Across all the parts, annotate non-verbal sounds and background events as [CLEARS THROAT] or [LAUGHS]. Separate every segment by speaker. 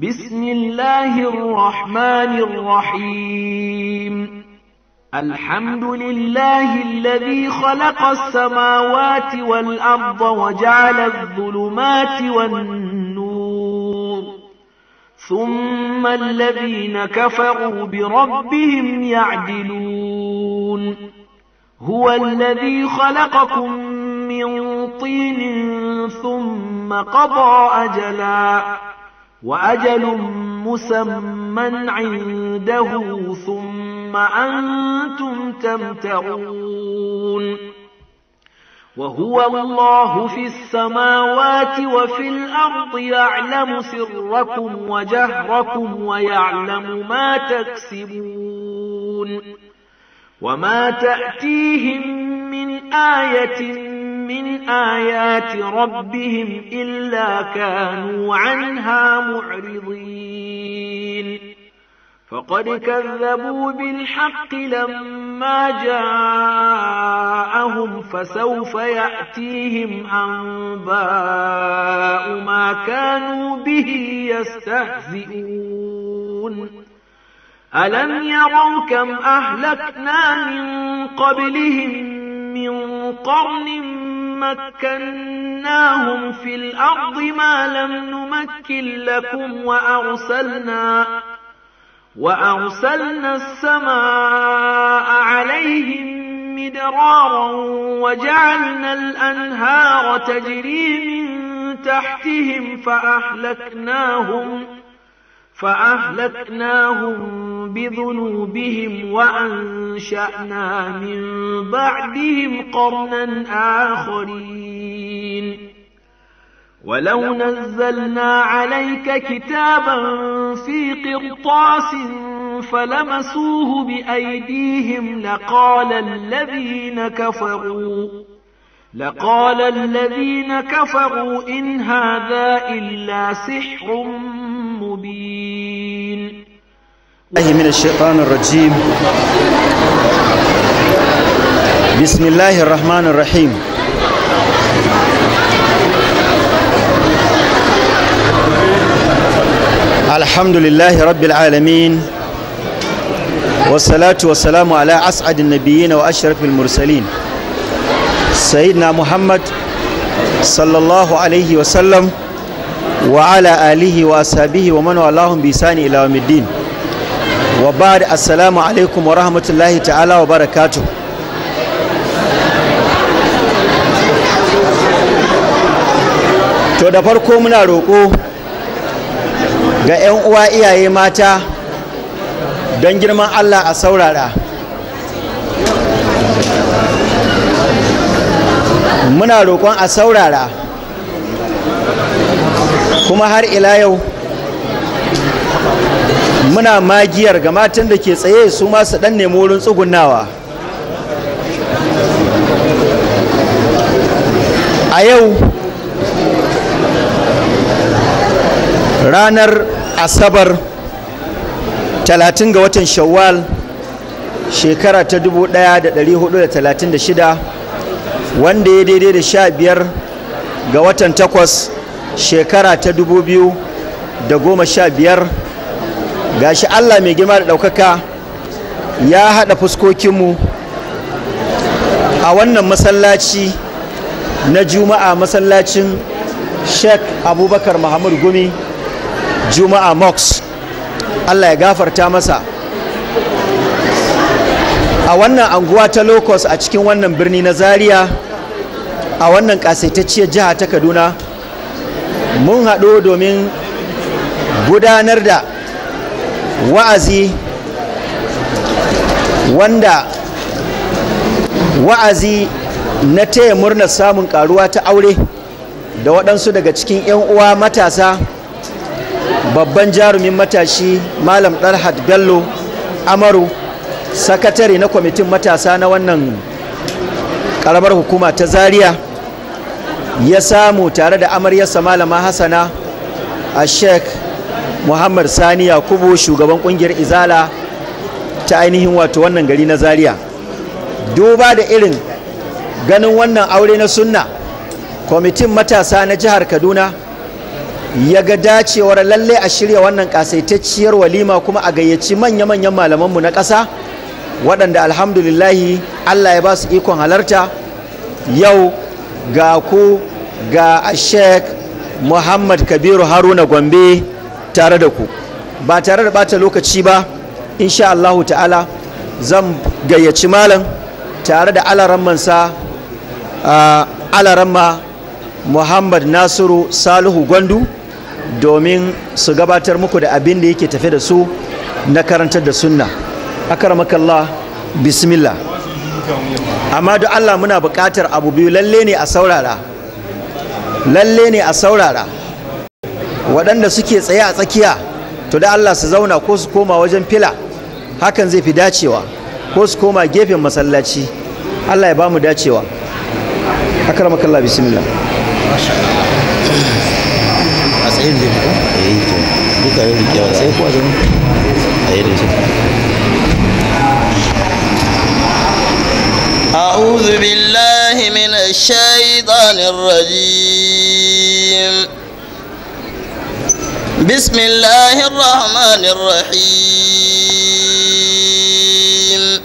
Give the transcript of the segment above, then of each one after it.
Speaker 1: بسم الله الرحمن الرحيم الحمد لله الذي خلق السماوات والأرض وجعل الظلمات والنور ثم الذين كفروا بربهم يعدلون هو الذي خلقكم من طين ثم قضى أجلاً وأجل مسمى عنده ثم أنتم تمتعون وهو الله في السماوات وفي الأرض يعلم سركم وجهركم ويعلم ما تكسبون وما تأتيهم من آية من آيات ربهم إلا كانوا عنها معرضين فقد كذبوا بالحق لما جاءهم فسوف يأتيهم أنباء ما كانوا به يستهزئون ألم يروا كم أهلكنا من قبلهم من قرن مكناهم في الأرض ما لم نمكن لكم وأرسلنا وأرسلنا السماء عليهم مدرارا وجعلنا الأنهار تجري من تحتهم فأهلكناهم فأهلكناهم بذنوبهم وأنشأنا من بعدهم قرنا آخرين ولو نزلنا عليك كتابا في قرطاس فلمسوه بأيديهم لقال الذين كفروا لقال الذين كفروا إن هذا إلا سحر مبين
Speaker 2: الله من الشيطان الرجيم بسم الله الرحمن الرحيم الحمد لله رب العالمين والصلاة والسلام على أسعد النبيين وأشرف المرسلين سيدنا محمد صلى الله عليه وسلم وعلى آله وأصحابه ومن والاهم بإحسان إلى يوم الدين وبعد السلام عليكم ورحمة الله تعالى وبركاته to da farko muna roƙo ga 'yan uwa iyaye mata don girman Allah a saurara muna roƙon a saurara kuma har ila yau muna magiyar ga matan da ke tsaye su masu ɗan nemi wurin tsugunawa a yau ranar asabar 30 ga watan shawwal shekara ta 1436 wanda ya daidai da sha biyar ga watan takwas shekara ta dubu biyu da goma sha biyar ga shi allah mai gima da ɗaukaka ya haɗa fuskokinmu a wannan masallaci na juma'a masallacin sheikh abubakar Muhammadu gumi juma'a mox allah ya gafarta masa a wannan anguwa ta locust a cikin wannan birni na zaria a wannan kasaitacciyar jiha ta kaduna mun haɗo domin gudanar da wa'azi wanda wa'azi na taya murnar samun karuwa ta aure da waɗansu daga cikin 'yan uwa matasa babban jarumin matashi malam ɗarhat bello amaru sakatare na kwamitin matasa na wannan karamar hukuma ta zaria ya samu tare da amaryarsa malama hasana a sheikh muhammad sani yakubu shugaban kungiyar izala ta ainihin wato wannan gari na zaria duba da irin ganin wannan aure na sunna kwamitin matasa na jihar kaduna ya ga dacewar lallai a shirya wannan kasaitacciyar walima kuma a gayyaci manya-manyan malamanmu na ƙasa waɗanda alhamdulillahi allah ya ba su ikon halarta yau ga ku ga sheik muhammad kabiru haruna gombe tare da ku ba tare da bata lokaci ba insha allahu ta'ala zan gayyaci malam tare da alarammansa alaramma muhammad nasiru salihu gwandu domin su gabatar muku da abin da yake tafe da su na karantar da sunna akaramakallah bismillah amma da Allah muna buƙatar abu biyu lalle ne a saurara lalle ne a saurara waɗanda suke tsaye a tsakiya to da Allah su zauna ko su koma wajen fila hakan zai fi dacewa ko su koma gefen masallaci Allah ya ba mu dacewa akaramakallah bismillah a tsayin zai eh, duka yau da kyau sai kuwa zama متهيألي
Speaker 3: أعوذ بالله من الشيطان الرجيم بسم الله الرحمن الرحيم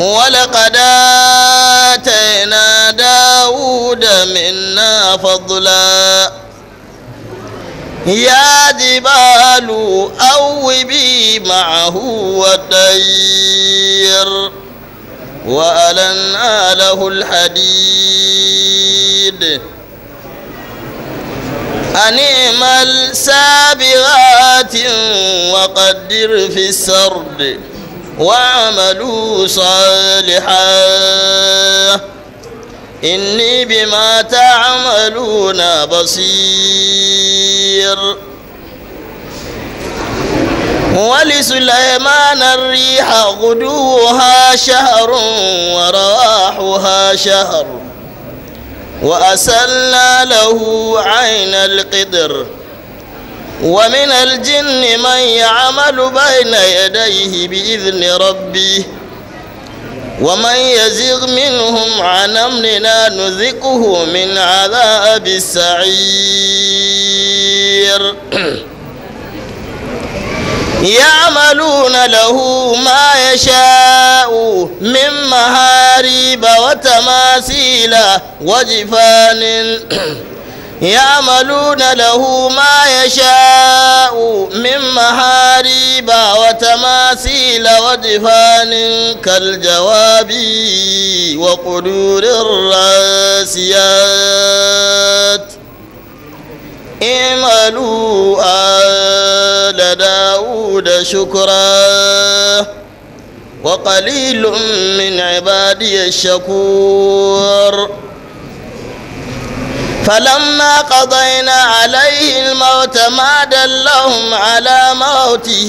Speaker 3: ولقد آتينا داود منا فضلاً يا جبال أوبي معه وطير وألنا له الحديد أنعم السابغات وقدر في السرد واعملوا صالحا إني بما تعملون بصير ولسليمان الريح غدوها شهر ورواحها شهر وأسلنا له عين القدر ومن الجن من يعمل بين يديه بإذن ربه ومن يزغ منهم عن أمرنا نذقه من عذاب السعير [CLEARS THROAT] يعملون له ما يشاء من مهاريب وتماثيل وجفان [CLEARS THROAT] يعملون له ما يشاء من محاريب وتماثيل ودفان كالجواب وقدور الراسيات اعملوا آل داود شكرا وقليل من عبادي الشكور فلما قضينا عليه الموت ما دلهم على موته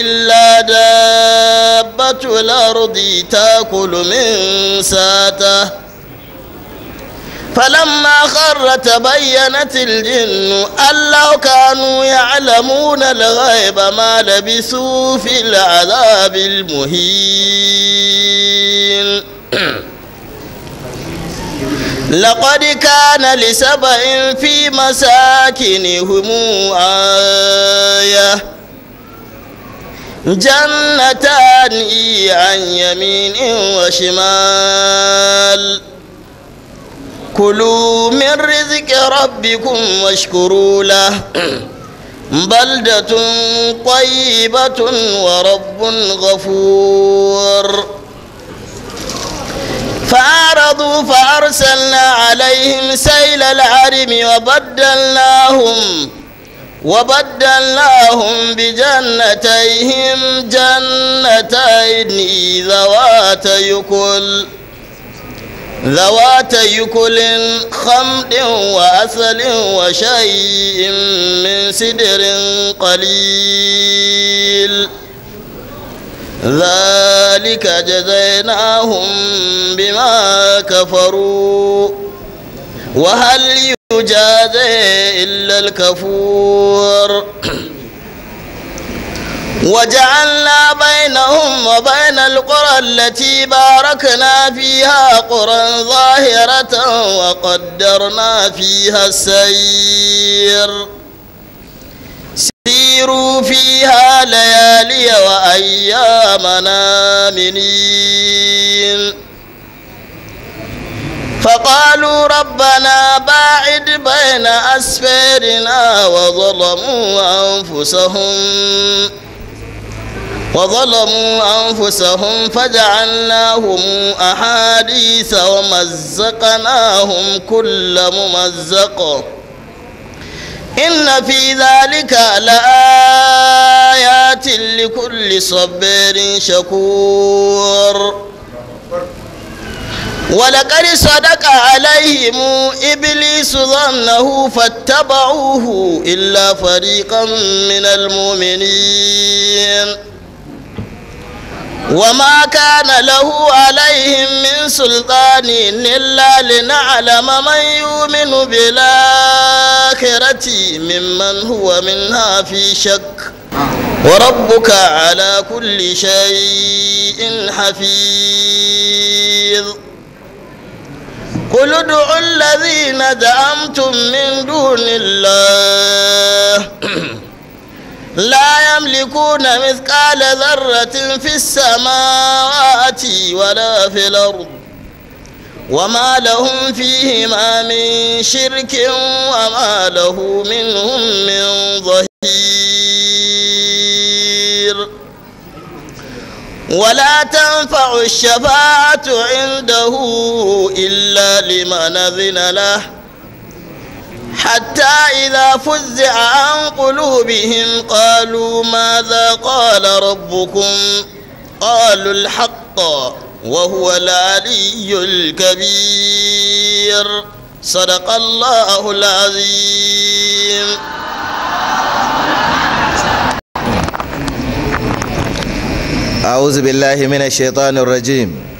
Speaker 3: إلا دابة الأرض تأكل من ساته فلما خر تبينت الجن أن لو كانوا يعلمون الغيب ما لبثوا في العذاب المهين [CLEARS THROAT] لقد كان لسبع في مساكنهم آية جنتان عن يمين وشمال كلوا من رزق ربكم واشكروا له بلدة طيبة ورب غفور فأعرضوا فأرسلنا عليهم سيل العرم وبدلناهم وبدلناهم بجنتيهم جنتين ذوات يكل ذوات يكل خمد وأثل وشيء من سدر قليل ذلك جزيناهم بما كفروا وهل يجازي إلا الكفور وجعلنا بينهم وبين القرى التي باركنا فيها قرى ظاهرة وقدرنا فيها السير سيروا فيها ليالي وأيامنا نامنين فقالوا ربنا باعد بين أسفارنا وظلموا أنفسهم وظلموا أنفسهم فجعلناهم أحاديث ومزقناهم كل ممزق إن في ذلك لآيات لكل صبر شكور ولقد صدق عليهم إبليس ظنه فاتبعوه إلا فريقا من المؤمنين وما كان له عليهم من سلطان إلا لنعلم من يؤمن بالآخرة ممن هو منها في شك وربك على كل شيء حفيظ قل ادعوا الذين دعمتم من دون الله لا يملكون مثقال ذرة في السماوات ولا في الأرض وما لهم فيهما من شرك وما له منهم من ظهير ولا تنفع الشفاعة عنده إلا لمن أذن له حتى إذا فزع عن قلوبهم قالوا ماذا قال ربكم قالوا الحق وهو العلي الكبير صدق الله العظيم
Speaker 4: أعوذ بالله من الشيطان الرجيم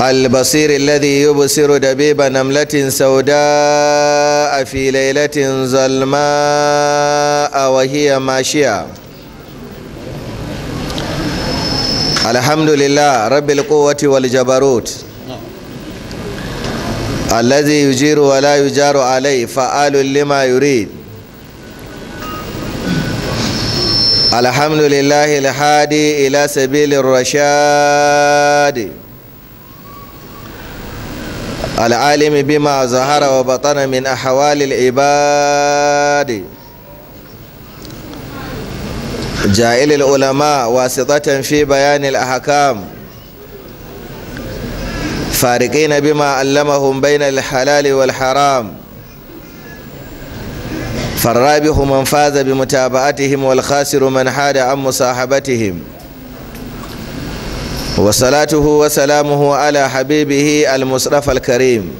Speaker 4: البصير الذي يبصر دبيب نملة سوداء في ليلة ظلماء وهي ماشية الحمد لله رب القوة والجبروت الذي يجير ولا يجار عليه فعال لما يريد الحمد لله الحادي إلى سبيل الرشاد العالم بما ظهر وبطن من أحوال العباد جائل العلماء واسطة في بيان الأحكام فارقين بما علمهم بين الحلال والحرام فالرابح من فاز بمتابعتهم والخاسر من حاد عن مصاحبتهم وصلاته وسلامه على حبيبه المصطفى الكريم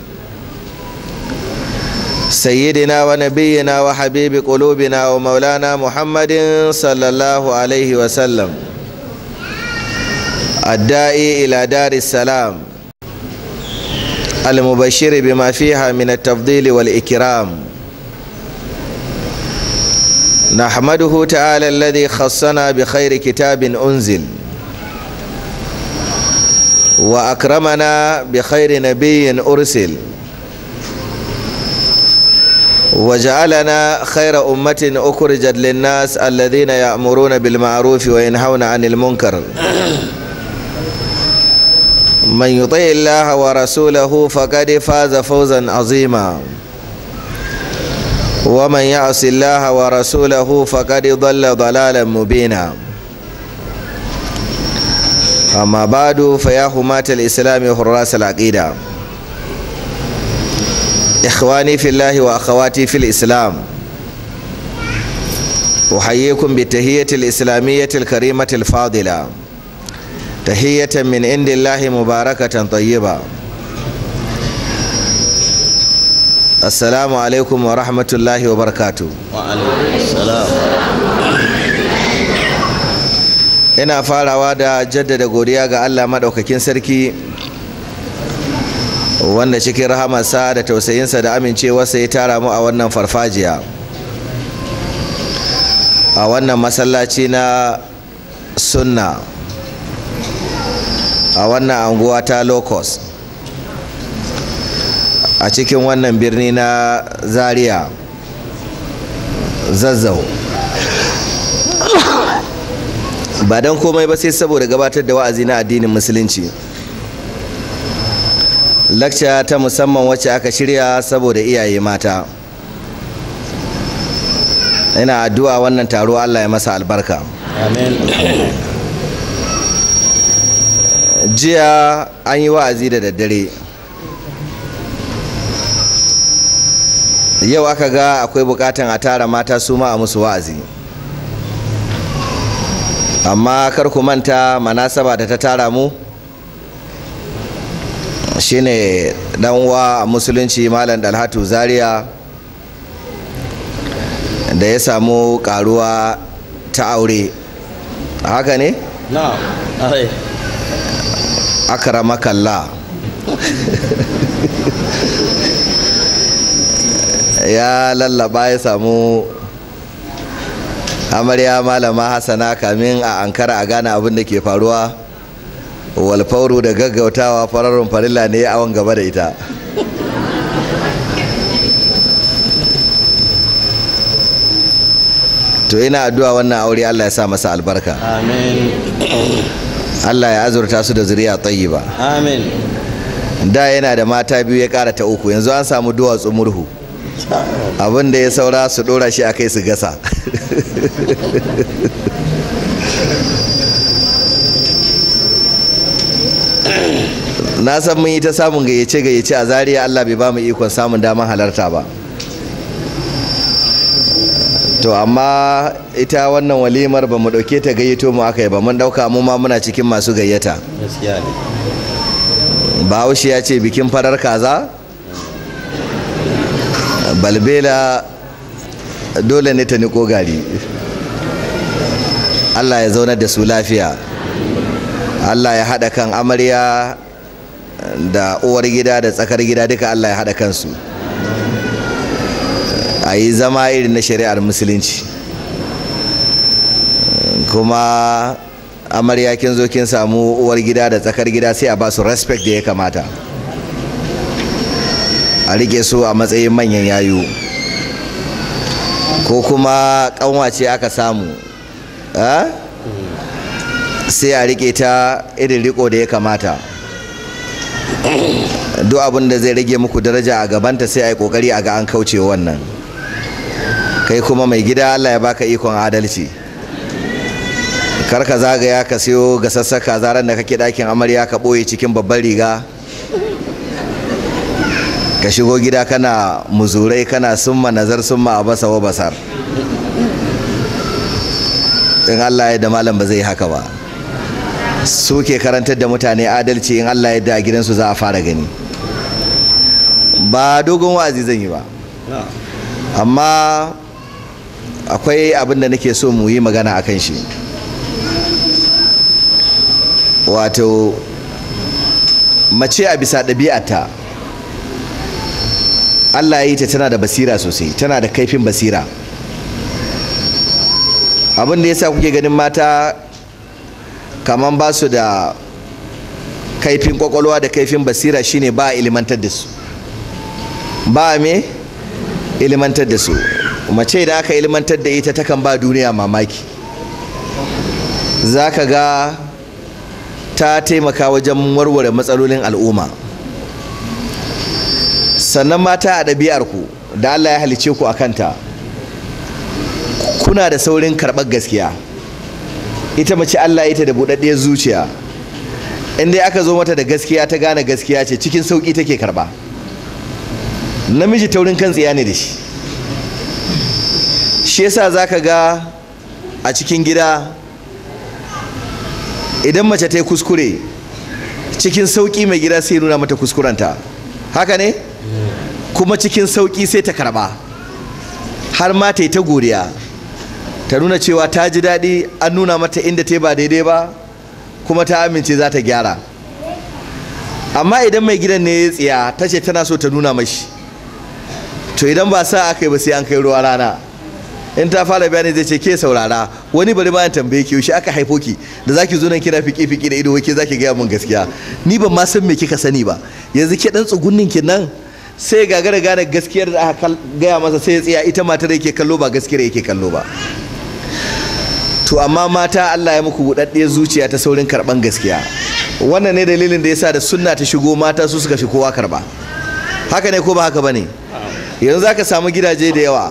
Speaker 4: سيدنا ونبينا وحبيب قلوبنا ومولانا محمد صلى الله عليه وسلم الداعي إلى دار السلام المبشر بما فيها من التفضيل والإكرام نحمده تعالى الذي خصنا بخير كتاب أنزل وأكرمنا بخير نبي أرسل وجعلنا خير أمة أخرجت للناس الذين يأمرون بالمعروف وينهون عن المنكر من يطع الله ورسوله فقد فاز فوزا عظيما ومن يعص الله ورسوله فقد ضل ضلالا مبينا amma badu fayahu matal islami wa hurrasa al'aqida ikhwani fillahi wa akhawati fil islam uhayyikum bi tahiyyatil islamiyyatil karimatil fadila tahiyyatan min indillahi mubarakatan tayyiba assalamu alaikum wa rahmatullahi wa barakatuh ina farawa da jaddada godiya ga Allah maɗaukakin sarki wanda cikin rahamarsa da tausayinsa da amincewarsa ya tara mu a wannan farfajiya a wannan masallaci na sunna a wannan anguwa ta locust a cikin wannan birni na zaria zazzau ba don komai ba sai saboda gabatar da wa'azi na addinin musulunci lakca ta musamman wacce aka shirya saboda iyaye mata ina addu'a wannan taro allah ya masa albarka jiya an yi wa'azi da daddare yau aka ga akwai bukatan a tara mata su ma a musu wa'azi amma kar ku manta manasaba da ta tara mu shine dan uwa a musulunci malam dalhatu zaria da ya samu karuwa ta aure haka ne? makalla
Speaker 3: [LAUGHS]
Speaker 4: ya lallaba ya samu amarya malama hasana kamin a ankara a gane abin da ke faruwa walfauru da gaggautawa fararun farilla ne awon gaba da ita to ina addu'a wannan aure Allah ya sa masa albarka Allah ya azurta su da zuriya tsayi amin da yana da mata biyu ya kara ta uku yanzu an samu duwatsu murhu abin da ya saura su dora shi a kai su gasa na san mun yi ta samun gayyace gayyace a zariya allah bai ba mu ikon samun damar halarta ba to amma ita wannan walimar ba mu ɗauke ta gayyato mu aka yi ba mun ɗauka mu ma muna cikin masu gayyata bahaushe ya ce bikin farar kaza balbela dole ne ta niko gari allah ya zaunar da su lafiya allah ya haɗa kan amarya da uwar gida da tsakar gida duka allah ya haɗa kansu a yi zama irin na shari'ar musulunci kuma amarya kin zo kin samu uwar gida da tsakar gida sai a ba su respect da ya kamata a rike su a matsayin manyan yayu ko kuma kanwace aka samu sai a rike ta irin riko da ya kamata duk abin da zai rage muku daraja a gabanta sai a yi kokari a ga an kauce wannan kai kuma mai gida allah ya baka ikon adalci kar ka zagaya ka siyo sassaka zaren da kake dakin amarya ka ɓoye cikin babbar riga ka shigo gida kana muzurai kana summa nazar summa a basa basar in Allah ya da malam ba zai haka ba su ke karantar da mutane adalci in Allah ya da a gidansu za a fara gani ba dogon wa'azi zan yi ba amma akwai abin nake so mu yi magana a kan shi wato mace a bisa ɗabi'ata Allah ya yi ta tana da basira sosai tana da kaifin basira abin da sa kuke ganin mata kaman ba su da kaifin kwakwalwa da kaifin basira shine ba a ilimantar da su ba me ilimantar da su mace da aka ilimantar da ita takan ba duniya mamaki za ka ga ta taimaka wajen warware matsalolin al'umma sannan mata a ɗabi'arku da Allah ya halice ku a kanta kuna da saurin karɓar gaskiya ita mace Allah ita da buɗaɗɗiyar zuciya inda aka zo mata da gaskiya ta gane gaskiya ce cikin sauƙi take karɓa namiji taurin kan tsiya ne da shi shi yasa za ka ga a cikin gida idan mace ta yi kuskure cikin sauƙi mai gida sai nuna mata kuskurenta haka ne? kuma cikin sauki sai ta karba, har ma ta yi ta godiya ta nuna cewa ta ji daɗi an nuna mata inda ta ba daidai ba kuma ta amince za ta gyara amma idan mai gidan ne ya tsaya, ta ce tana so ta nuna mashi to idan ba sa aka yi ba sai an kai ruwa rana in ta fara bayani zai ce ke saurara wani bari ma tambaye ki yaushe aka haifo ki da zaki zo nan kira fiki fiki da ido za ki gaya mun gaskiya ni ban ma san me kika sani ba yanzu ke dan tsugunnin ki nan sai gagara gane gaskiyar da aka gaya masa sai ya tsaya ita matar yake kallo ba gaskiyar yake kallo ba to amma mata Allah ya muku buɗaɗɗe zuciya ta saurin karban gaskiya wannan ne dalilin da yasa da sunna ta shigo mata su suka fi kowa karɓa haka ne ko ba haka bane yanzu zaka samu gidaje da yawa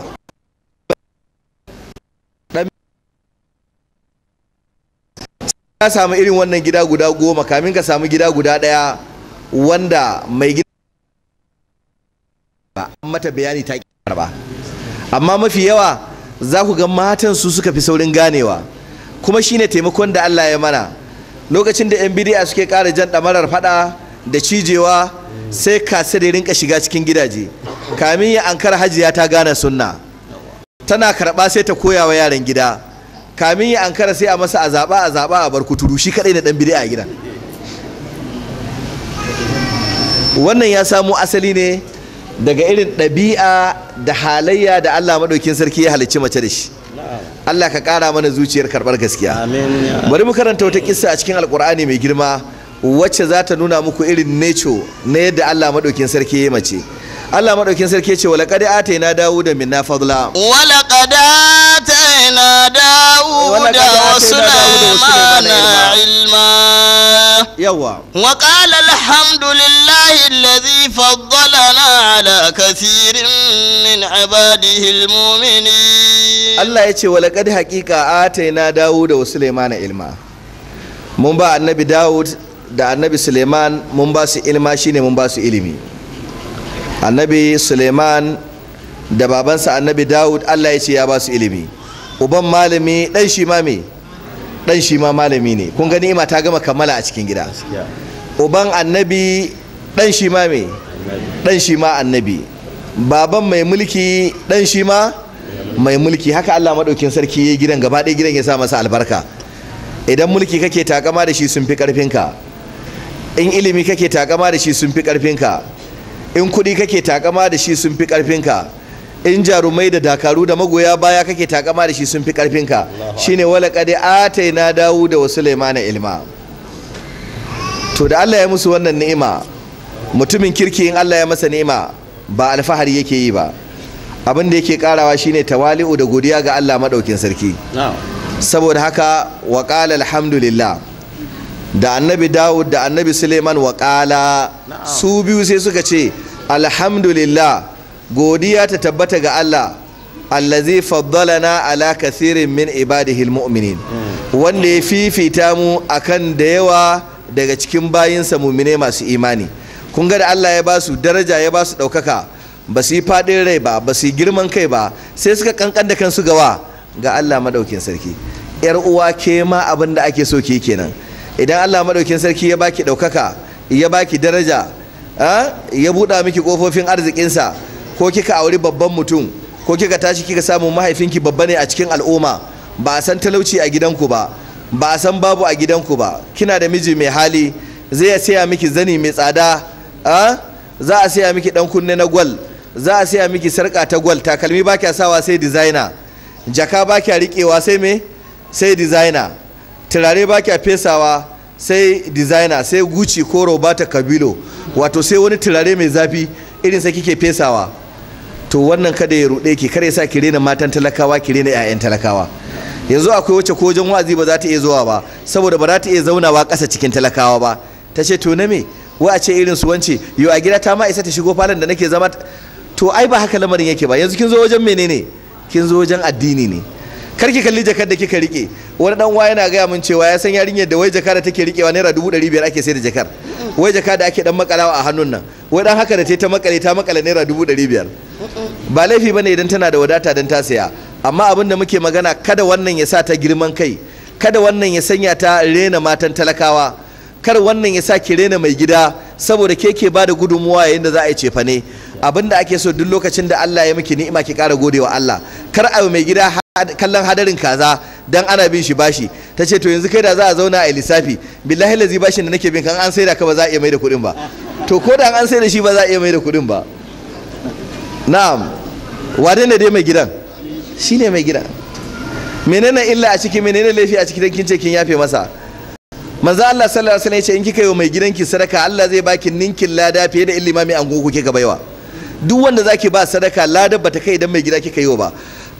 Speaker 4: ka samu irin wannan gida guda goma kamin ka samu gida guda ɗaya wanda mai gida ba mata bayani ta ba amma mafi yawa za ku ga matan su suka fi saurin ganewa kuma shine taimakon da Allah ya mana lokacin da yan suke ƙara jan ɗamarar faɗa da cijewa sai kasa da rinka shiga cikin gidaje kamin ya ankara hajiya ta gane sunna tana karɓa sai ta koya wa yaran gida kamin ya ankara sai a masa azaba azaba a zaɓa a shi kaɗai na ɗan bidiya a gida wannan ya samo asali ne daga irin ɗabi'a da halayya da Allah maɗaukin sarki ya halicci mace da shi Allah ka ƙara mana zuciyar karɓar gaskiya bari mu karanta wata kisa a cikin alƙur'ani mai girma wacce za ta nuna muku irin neco na yadda Allah maɗaukin sarki ya mace Allah maɗaukin sarki ce wala na dawo da minna fadla
Speaker 3: wala dawo da wasu wa na ilma yawa wa ƙala alhamdulillahi alladhi na ala kasirin min abadi almu'minin
Speaker 4: Allah ya ce wala qad haqiqa ataina dawuda wa na ilma mun ba annabi dawud da annabi suleiman mun ba su ilma shine mun ba su ilimi annabi suleiman da babansa annabi dawud allah ya ce ya ba su ilimi uban malami dan shi ma me dan shi ma malami ne kun gani ima ta gama kammala a cikin gida uban annabi dan shi ma me dan shi ma annabi baban mai mulki dan shi ma mai mulki haka allah maɗaukin sarki ya yi gidan gaba ɗaya gidan ya sa masa albarka idan mulki kake takama da shi sun fi ƙarfinka in ilimi kake takama da shi sun fi ƙarfinka in kuɗi kake takama da shi sun fi ƙarfinka in jarumai da dakaru da magoya baya kake takama da shi sun fi ƙarfinka shine wala qad ataina dawu da wasu laimana ilma to da Allah ya musu wannan ni'ima mutumin kirki in Allah ya masa ni'ima ba alfahari yake yi ba abin da yake karawa shine tawali'u da godiya ga Allah maɗaukin sarki saboda haka wa qala alhamdulillah da annabi dawud da annabi suleiman wa ƙala su biyu sai suka ce alhamdulillah godiya ta tabbata ga allah allazi faddalana ala kathirin min ibadihi almu'minin hmm. wanda ya fifita mu akan da yawa daga cikin bayinsa mumine masu imani kun ga da allah ya ba su daraja ya ba su ɗaukaka ba su yi faɗin rai ba ba su yi girman kai ba sai suka kankan da kansu gawa ga allah maɗaukin sarki yar uwa ke ma abin da ake so ke kenan idan Allah maɗaukin sarki ya baki ɗaukaka ya baki daraja ya buɗa miki ƙofofin arzikinsa ko kika auri babban mutum ko kika tashi kika samu mahaifinki babba ne a cikin al'umma ba a san talauci a gidanku ba ba a san babu a gidanku ba kina da miji mai hali zai saya miki zani mai tsada za a saya miki dan kunne na gwal za a saya miki sarka ta gwal takalmi ba kya sawa sai designer jaka ba kya riƙewa sai me sai designer turare ba kya fesawa sai designer sai guci ko robata kabilo wato sai wani turare mai zafi irin sai kike fesawa to wannan kada ya ruɗe ki kare sa ki rena matan talakawa ki rena 'ya'yan talakawa yanzu akwai wacce ko wajen wa'azi ba za ta iya zuwa ba saboda ba za ta iya zaunawa ƙasa cikin talakawa ba ta ce to na me wa a ce irin su wance yau a gida ta ma isa ta shigo falon da nake zama to ai ba haka lamarin yake ba yanzu kin zo wajen menene kin zo wajen addini ne kar ki kalli jakar da kika rike wani dan wa yana gaya min cewa ya san yarinyar da wai jaka da take rikewa naira dubu ɗari biyar ake sai da jakar wai jaka da ake dan makalawa a hannun nan wai dan haka da ta ta makale ta makale naira dubu ɗari biyar ba laifi bane idan tana da wadata dan ta saya amma abin da muke magana kada wannan ya sa ta girman kai kada wannan ya sanya ta rena matan talakawa kar wannan ya sa ki rena mai gida saboda ke ke bada gudunmuwa yayin da za a yi cefane abinda ake so duk lokacin da Allah ya miki ni'ima ki kara gode Allah kar a mai gida kallon hadarin kaza dan ana bin shi bashi ta ce to yanzu kai da za a zauna a lissafi billahi lazi bashin da nake bin kan an saida ka ba za a iya mai da kuɗin ba to ko da an saida shi ba za a iya mai da kuɗin ba na'am wane ne dai mai gidan shi ne mai gidan menene illa a ciki menene laifi a ciki kin ce kin yafe masa manzo Allah sallallahu alaihi wasallam ya ce in kika yi wa mai gidanki sadaka Allah zai baki ninkin lada fiye da illimami an gogo kika baiwa duk wanda zaki ba sadaka ladar ta kai idan mai gida kika yi wa ba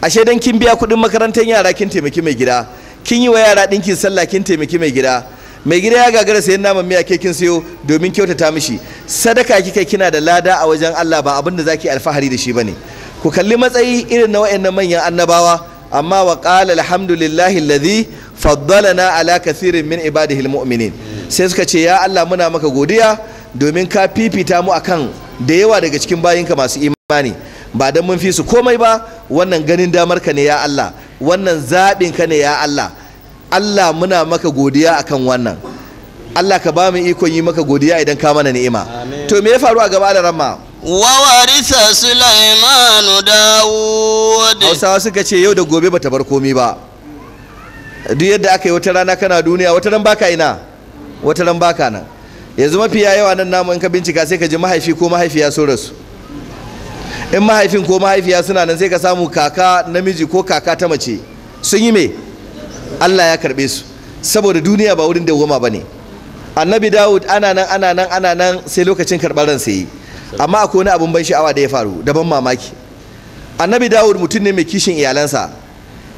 Speaker 4: ashe dan kin biya kuɗin makarantar yara kin taimaki mai gida kin yi wa yara ɗinkin sallah kin taimaki mai gida mai gida ya gagara sayan naman miya ke kin sayo domin kyautata mishi sadaka kika kina da lada a wajen Allah ba abin da zaki alfahari da shi bane ku kalli matsayi irin na wayannan manyan annabawa amma wa qala alhamdulillahi alladhi faddalana ala kathirin min ibadihi almu'minin sai suka ce ya Allah muna maka godiya domin ka fifita mu akan da yawa daga cikin bayinka masu imani ba don mun fi su komai ba wannan ganin damar ka ne ya Allah wannan zaɓin ka ne ya Allah Allah muna maka godiya akan wannan Allah ka ba mu ikon yi maka godiya idan ka mana ni'ima to me ya faru a gaba da ramma
Speaker 3: warisa سليمان داود Hausawa suka ce yau da gobe
Speaker 4: bata bar komi ba duk yadda aka yi wata rana kana duniya wata ran baka ina wata ran baka nan yanzu mafiya yawa nan namu in ka bincika sai ka ji mahaifi ko mahaifiya so rasu in mahaifin ko mahaifiya suna nan sai ka samu kaka namiji ko kaka ta mace sun yi me Allah ya karbe su saboda duniya ba wurin da goma ba ne annabi dawud ana nan ana nan ana nan sai lokacin karɓar ran sai amma akwai wani abun ban sha'awa da ya faru daban mamaki annabi dawud mutum ne mai kishin iyalansa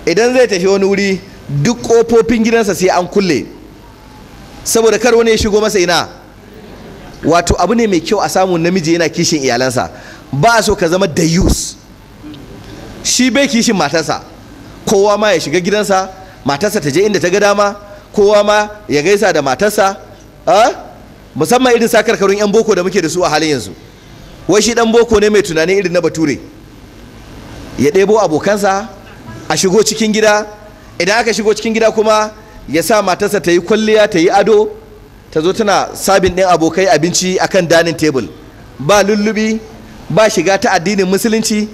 Speaker 4: idan zai tafi wani wuri duk kofofin gidansa sai an kulle saboda kar wani ya shigo masa ina wato abu ne mai kyau a samu namiji yana kishin iyalansa ba a so ka zama da dayus shi bai kishin matarsa kowa ma ya shiga gidansa matarsa ta je inda ta ga dama kowa ma ya gaisa da matarsa musamman irin sakarkarun 'yan boko da muke da su a halin yanzu wai shi dan boko ne mai tunanin irin na bature ya ɗebo abokansa a shigo cikin gida idan aka shigo cikin gida kuma ya sa matarsa ta yi kwalliya ta yi ado ta zo tana sabin ɗin abokai abinci akan danin tebul ba lullubi ba shiga ta addinin musulunci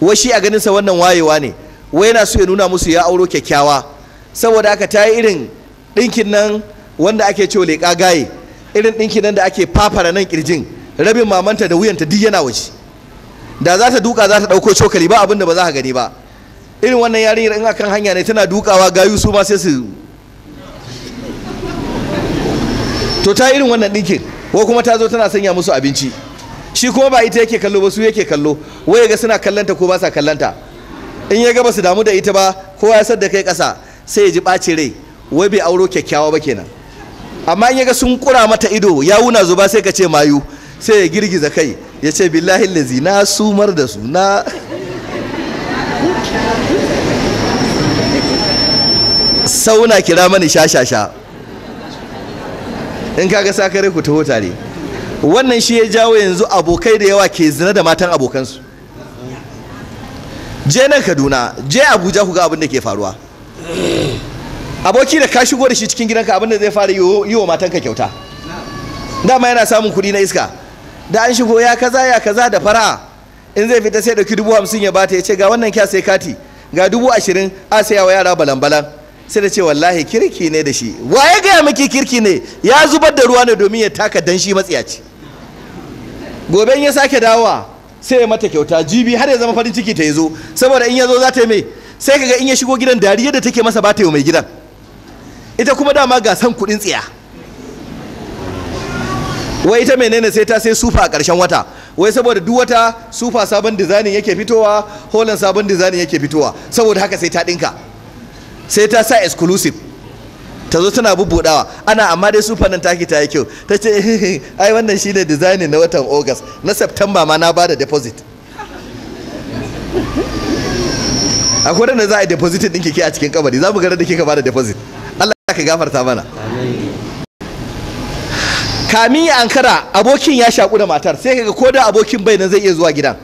Speaker 4: wa shi a ganinsa wannan wayewa ne wai yana so ya nuna musu ya auro kyakkyawa saboda aka ta yi irin ɗinkin nan wanda ake cewa leƙa gaye irin ɗinkin nan da ake fafara nan ƙirjin rabin mamanta da wuyanta duk yana waje da za ta duka za ta ɗauko cokali ba abin da ba za ka gani ba irin wannan yarinyar in akan hanya ne tana dukawa gayu su ma sai su to ta irin wannan ɗinkin ko kuma ta zo tana sanya musu abinci shi ko ba ita yake kallo ba su yake kallo wai ga suna kallanta ko ba sa kallanta in ya ga ba su damu da ita ba ko ya da kai kasa sai ya ji ɓaci rai wai bai auro kyakkyawa ba kenan amma in ya ga sun kura mata ido ya wuna zuba sai ka ce mayu sai ya girgiza kai ya ce billahi lazi na sumar da su na sauna kira mani shashasha in kaga sakare ku taho tare wannan shi ya jawo yanzu abokai da yawa ke zina da matan abokansu je nan kaduna je abuja ku ga abin da ke faruwa aboki da ka shigo da shi cikin gidanka abin da zai fara yi wa matanka kyauta dama yana samun kuɗi na iska da an shigo ya kaza ya kaza da fara in zai fita sai dauki dubu hamsin ya bata ya ce ga wannan kya sai kati ga dubu ashirin a saya wa yara balan-balan sai da ce wallahi kirki ne da shi waye gaya maki kirki ne ya zubar da ruwa ne domin ya taka dan shi matsiyaci gobe in ya sake dawowa sai ya mata kyauta jibi har ya zama farin ciki ta zo saboda in ya zo za ta yi mai sai kaga in ya shigo gidan dariya da take masa ba ta yi mai gidan ita kuma dama ga san kuɗin tsiya wai ita menene sai ta sai sufa a ƙarshen wata wai saboda duk wata sufa sabon dizanin yake fitowa holan sabon dizanin yake fitowa saboda haka sai ta ɗinka sai ta sa exclusive ta zo tana bubudawa ana amma dai su fannin taki ta yi kyau ta ce eh, ai wannan shi ne design na watan august na september ma na ba da deposit akwai da za a yi deposit din keke a cikin kabari za mu gara da kika ba da deposit Allah ya ka gafarta mana kamin ya ankara abokin ya shaƙu da matar sai kaga ko da abokin bai nan zai iya zuwa gidan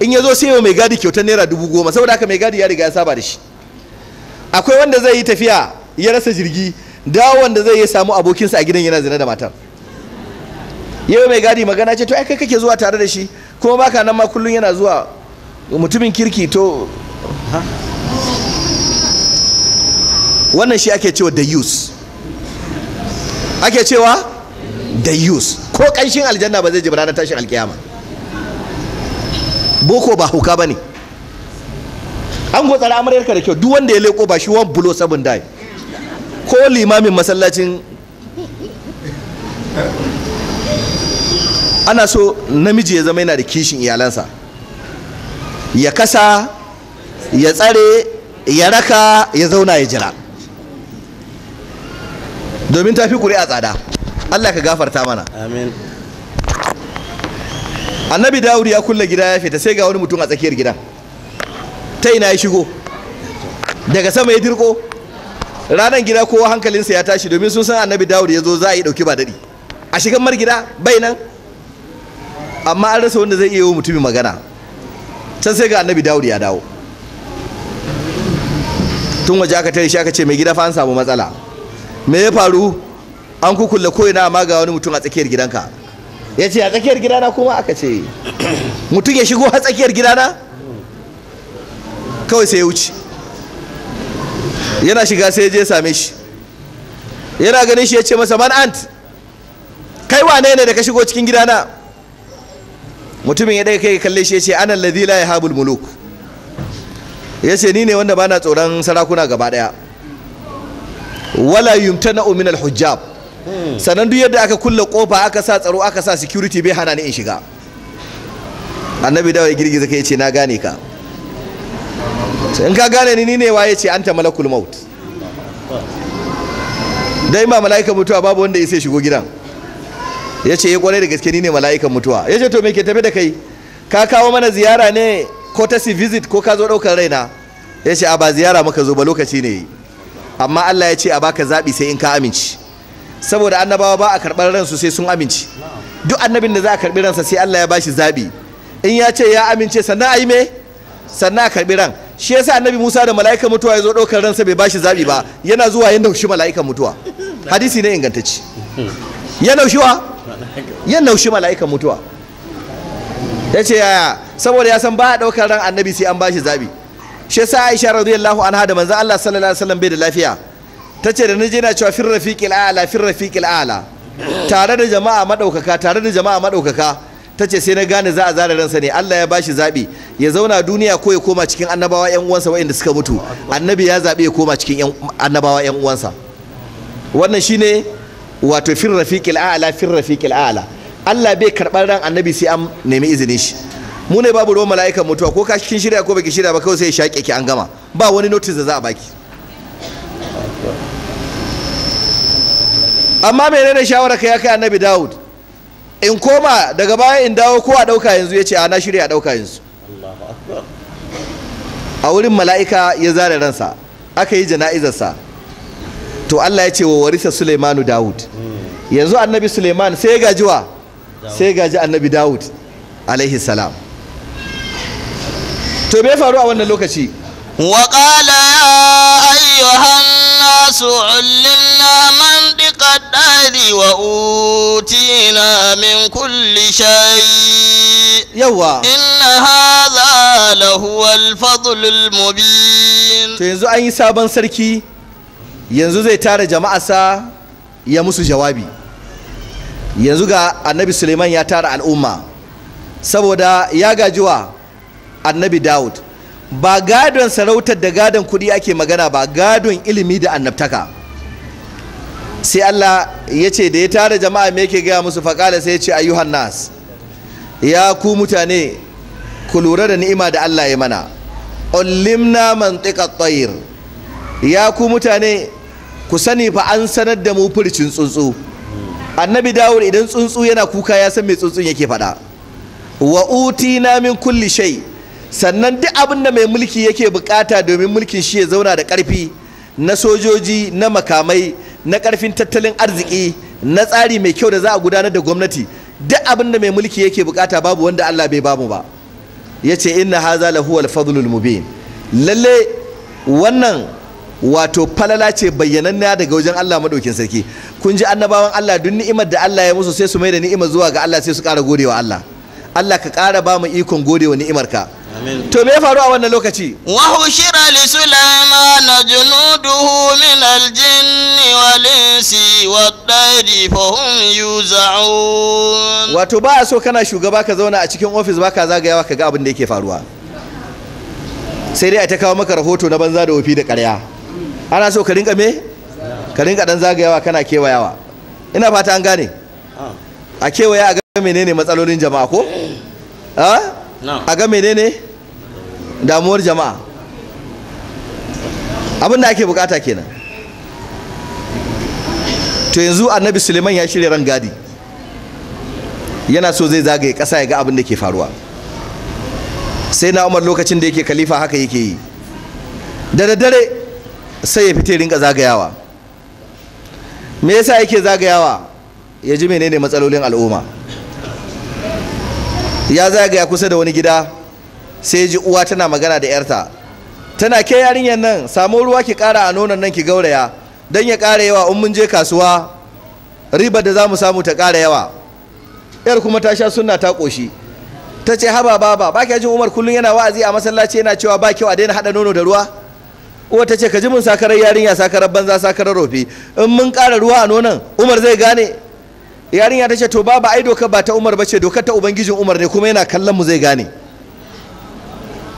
Speaker 4: in ya zo sai mai gadi kyautar naira dubu goma saboda haka mai gadi ya riga ya saba da shi akwai wanda zai yi tafiya ya rasa jirgi dawon wanda zai ya samu abokinsa a gidan yana zina da matar yau mai gadi magana ce to ai kai kake zuwa tare da shi kuma baka nan ma kullum yana zuwa mutumin kirki to wannan shi ake cewa da use ake cewa da use ko kanshin aljanna ba zai ji ranar tashin alkiyama boko ba hauka ba ne an gotsara amaryarka da kyau duk wanda ya leko ba shi wan bulo sabon dai ko limamin masallacin ana so namiji ya zama yana da kishin iyalansa ya kasa ya tsare ya raka ya zauna ya jira domin tafi ƙuri'a tsada allah ka gafarta mana annabi dawud ya kulle gida ya fita sai ga wani mutum a tsakiyar gidan ta ina ya shigo daga sama ya dirko ranar gida kowa hankalinsa ya tashi domin sun san annabi dawud ya zo za a yi dauki ba daɗi a shigan mar gida bai nan amma an rasa wanda zai iya yi mutumin magana can sai ga annabi dawud ya dawo tun waje aka tare shi aka ce mai gida fa an samu matsala me ya faru an kukulle na amma ga wani mutum a tsakiyar gidanka ya ce a tsakiyar gidana kuma aka ce [CLEARS THROAT] mutum ya shigo a tsakiyar gidana kawai sai ya wuce yana shiga sai je same shi yana ganin shi ya ce masa man ant kai wane ne da ka shigo cikin gidana mutumin ya daga kai kalle shi ya ce anan Ladila la yahabul muluk ya ce ni ne wanda bana tsoron sarakuna gaba ɗaya wala yumta na al-hujjab sannan duk yadda aka kulle kofa aka sa tsaro aka sa security bai hana ni in shiga annabi dawai ya girgiza kai ya ce na gane ka in ka gane ni ne waye ce anta malakul maut dai ma mala'ikan mutuwa babu wanda ya sai shigo gidan ya ce ya eh, kwarai da gaske ni ne mala'ikan mutuwa ya ce to me ke tafi da kai ka kawo mana ziyara ne ko ta si visit ko ka zo ɗaukar raina ya ce a ba ziyara muka zo ba lokaci ne amma Allah ya ce a baka zaɓi sai in ka amince saboda annabawa ba a karɓar ransu sai sun amince duk annabin da za a karɓi ransa sai Allah ya bashi zaɓi in ya ce ya amince sannan a me sannan a karɓi ran shi yasa annabi Musa da mala'ika mutuwa ya zo ɗaukar ransa bai bashi zabi ba yana zuwa ya naushi mala'ika mutuwa hadisi ne ingantacci ya naushi wa ya naushi mala'ika mutuwa ya ce yaya saboda ya san ba a ɗaukar ran annabi sai an bashi zabi shi yasa Aisha radiyallahu anha da manzon Allah sallallahu alaihi wasallam bai da lafiya ta ce da je na cewa firrafiqil a'la firrafiqil a'la tare da jama'a madaukaka tare da jama'a madaukaka ta ce sai na gane za a zara ransa ne Allah ya bashi zaɓi ya zauna duniya ko ya koma cikin annabawa yan uwansa waɗanda suka mutu annabi ya zaɓi ya koma cikin annabawa yan uwansa wannan shine wato fir rafiqil a'la fir rafiqil a'la Allah bai karɓar ran annabi sai an nemi izinin shi mu ne babu ruwan mala'ikan mutuwa ko ka kin shirya ko baki shirya ba kawai sai ya shake ki an gama ba wani notice da za a baki amma menene shawara kai ya kai annabi da'ud. in koma daga baya in dawo ko a ɗauka yanzu ya ce a shirya a ɗauka yanzu a wurin mala'ika ya zare ransa aka yi jana'izarsa to Allah ya ce wa warisa Sulaimanu Dawud hmm. yanzu annabi Sulaiman sai gaji wa sai gaji annabi Dawud alaihi salam to bai faru a wannan lokaci wa
Speaker 3: qala ya ayyuhan nasu ullilna man القدار وأوتينا min kulli shayi. يوا إن هذا لهو الفضل المبين
Speaker 4: to yanzu an yi sabon sarki yanzu zai tara jama'a sa ya musu jawabi yanzu ga annabi Suleiman ya tara al'umma saboda ya gajiwa annabi Dawud ba gadon sarautar da gadon kuɗi ake magana ba gadon ilimi da annabtaka sai Allah ya ce da ya tara jama'a me yake gaya musu faƙala sai ya ce ayyuhan nas ya ku mutane ku lura da ni'ima da Allah ya mana ullimna mantiqa tayr ya ku mutane ku sani fa an sanar da mu furcin tsuntsu annabi dawul idan tsuntsu yana kuka ya san me tsuntsun yake faɗa wa utina min kulli shay sannan duk abin da mai mulki yake bukata domin mulkin shi ya zauna da ƙarfi na sojoji na makamai na karfin tattalin arziki na tsari mai kyau da za a gudanar da gwamnati duk abin da mai mulki yake bukata babu wanda Allah bai bamu ba Ya yace inna haza lahu al-fadlul mubin lalle wannan wato falala ce bayyananna daga wajen Allah madaukin sarki kun ji annabawan Allah duk ni'imar da Allah ya musu sai su mai da ni'imar zuwa ga Allah sai su ƙara godewa Allah Allah ka ƙara ba mu ikon godewa ni'imarka to me ya faru a wannan lokaci wa
Speaker 3: hushira li sulaiman min aljin والإنس والطير فهم يوزعون
Speaker 4: wato ba a so kana shugaba ka zauna a cikin ofis ba ka zagayawa ka ga abin da yake faruwa sai dai a ta kawo maka rahoto na banza da wofi da ƙarya ana so ka rinka me ka rinka dan zagayawa kana kewayawa ina fata an gane a kewaya a ga menene matsalolin jama'a ko a ga menene damuwar jama'a abin da ake bukata kenan to yanzu annabi suleiman ya shirya ran gadi yana so zai zagaye ƙasa ya ga abin da ke faruwa sai na umar lokacin da yake kalifa haka yake yi da daddare sai ya fita rinka zagayawa me yasa yake zagayawa ya ji menene matsalolin al'umma ya zagaya kusa da wani gida sai ji uwa tana magana da yarta tana ke yarinyar nan samu ruwa ki kara a nonon nan ki gauraya don ya ƙara yawa in mun je kasuwa ribar da za mu samu ta ƙara yawa yar kuma ta sha suna ta ƙoshi ta ce haba baba ba ki jin umar kullum yana wa'azi a masallaci yana cewa ba kyau a daina haɗa nono da ruwa uwa ta ce ka ji mun sakarar yarinya sakarar banza sakarar rofi in mun ƙara ruwa a nonon umar zai gane yarinya ta ce to baba ai doka ba ta umar ba ce dokar ta ubangijin umar ne kuma yana kallon mu zai gane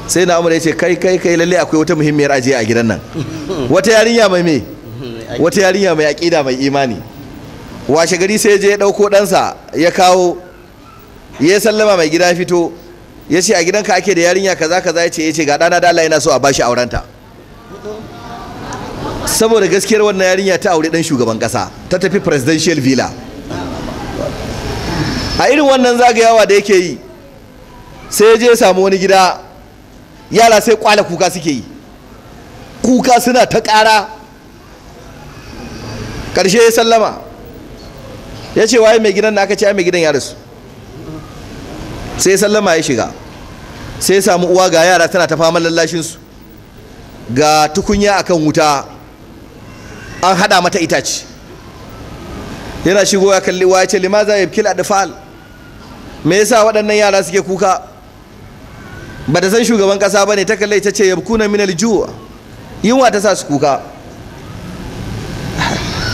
Speaker 4: sai na umar ya ce kai kai kai lalle akwai wata muhimmiyar ajiya a gidan nan [LAUGHS] wata yarinya mai me wata yarinya mai aƙida mai imani washe gari sai je ya ɗauko ɗansa ya kawo ya sallama mai gida fito ya ce a gidanka ake da yarinya kaza kaza ya ce ya ce ga ɗana dala yana so a bashi aurenta saboda gaskiyar wannan yarinya ta aure ɗan shugaban ƙasa ta tafi presidential villa a irin wannan zagayawa da yake yi sai ya je ya samu wani gida yara sai kwala kuka suke yi kuka suna ta ƙara Karshe ya sallama ya ce waye mai gidan na aka ce mai gidan ya rasu sai sallama ya shiga sai ya samu uwa ga yara tana ta faman lallashinsu ga tukunya akan wuta an hada mata itace yana shigo ya kalli uwa ya ce limaza ya kila da fa'al me yasa waɗannan yara suke kuka ba ta san shugaban kasa ba ne ta kalle ta ce yabkuna min aljuwa yunwa ta sa su kuka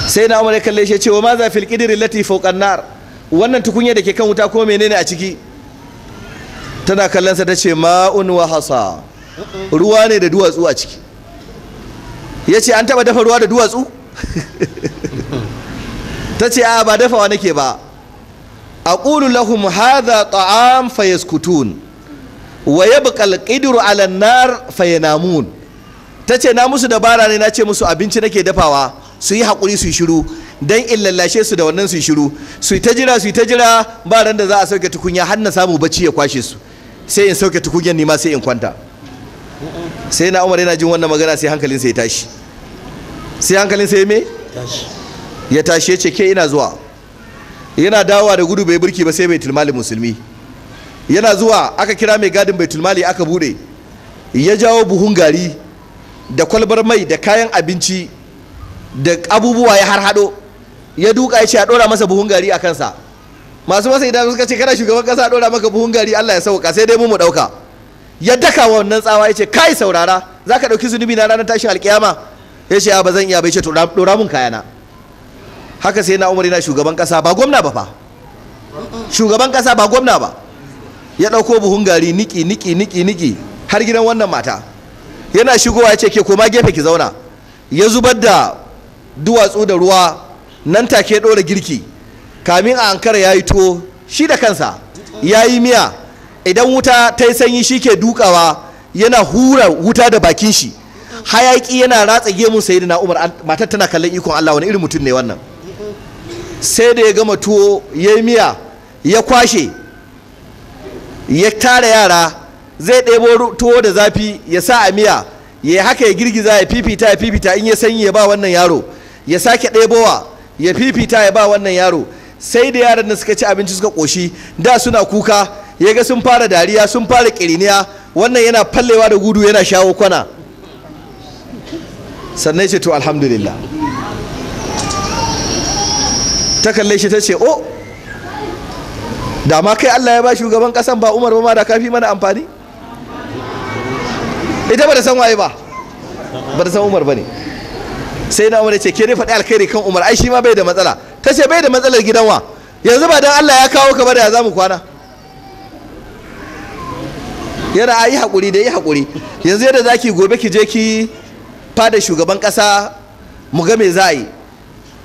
Speaker 4: sai na umar ya kalle shi ce wa maza fil qidri lati fawqa nar wannan tukunya da ke kan wuta ko menene a ciki tana kallon sa tace ma'un wa hasa ruwa ne da duwatsu a ciki Ya ce an taba dafa ruwa da duwatsu [LAUGHS] Ta ce a ba dafawa nake ba ƙulu lahum hadha ta'am fayaskutun wa yabqa al-qidru 'ala an-nar fayanamun tace na musu dabara ne na ce musu abinci nake dafawa su yi haƙuri su shiru don in lallashe su da wannan su yi shiru su yi ta jira su ta jira ba ran da za a sauke tukunya har na samu bacci ya kwashe su sai in sauke tukunyar ni ma sai in kwanta sai na umar yana jin wannan magana sai hankalin sai ya tashi sai hankalin sai me ya tashi ya ce ke ina zuwa yana dawowa da gudu bai burki ba sai bai tulmali musulmi yana zuwa aka kira mai gadin bai tilmali aka bude ya jawo buhun gari da kwalbar mai da kayan abinci da abubuwa ya harhaɗo ya duka ya ce a ɗora masa buhun gari a kansa masu masa idan suka ce kana shugaban kasa a ɗora maka buhun gari Allah ya sauka sai dai mu mu dauka ya daka wannan tsawa ya ce kai saurara za ka ɗauki zunubi na ranar tashin alkiyama ya ce ba zan iya bai ce dora mun kayana haka sai na umar yana shugaban kasa ba gwamna ba fa shugaban kasa ba gwamna ba ya ɗauko buhun gari niki niki niki niki har gidan wannan mata yana shigowa ya ce ke koma gefe ki zauna ya zubar da duwatsu da ruwa nan take ɗora girki kamin a ankara ya yi tuwo, shi da kansa ya yi miya idan wuta ta yi sanyi shi ke dukawa yana hura wuta da bakin shi hayaki yana ratsa gemun sai na umar matar tana kallon ikon allah wani irin mutum ne wannan sai da ya gama tuwo ya yi miya ya kwashe ya tara yara zai ɗebo tuwo da zafi ya sa a miya ya haka ya girgiza ya fifita ya fifita in ya sanyi ya ba wannan yaro ya sake ɗebowa ya fifita ya ba wannan yaro sai da yaran da suka ci abinci suka ƙoshi da suna kuka ya ga sun fara dariya sun fara ƙiriniya wannan yana fallewa da gudu yana shawo kwana sannan ce to alhamdulillah ta kalle shi ta ce o oh, da ma kai allah ya ba shugaban kasan ba umar ba ma da kafi mana amfani ita ba da san waye ba ba da san umar ba ne sai na umar ce ke rufe faɗi alkhairi kan umar ai shi ma bai da matsala ta ce bai da matsalar gidan wa yanzu ba dan Allah ya kawo ka ba da ya mu kwana yana ayi hakuri da yi hakuri yanzu yadda za ki gobe ki je ki fada shugaban ƙasa mu ga me za yi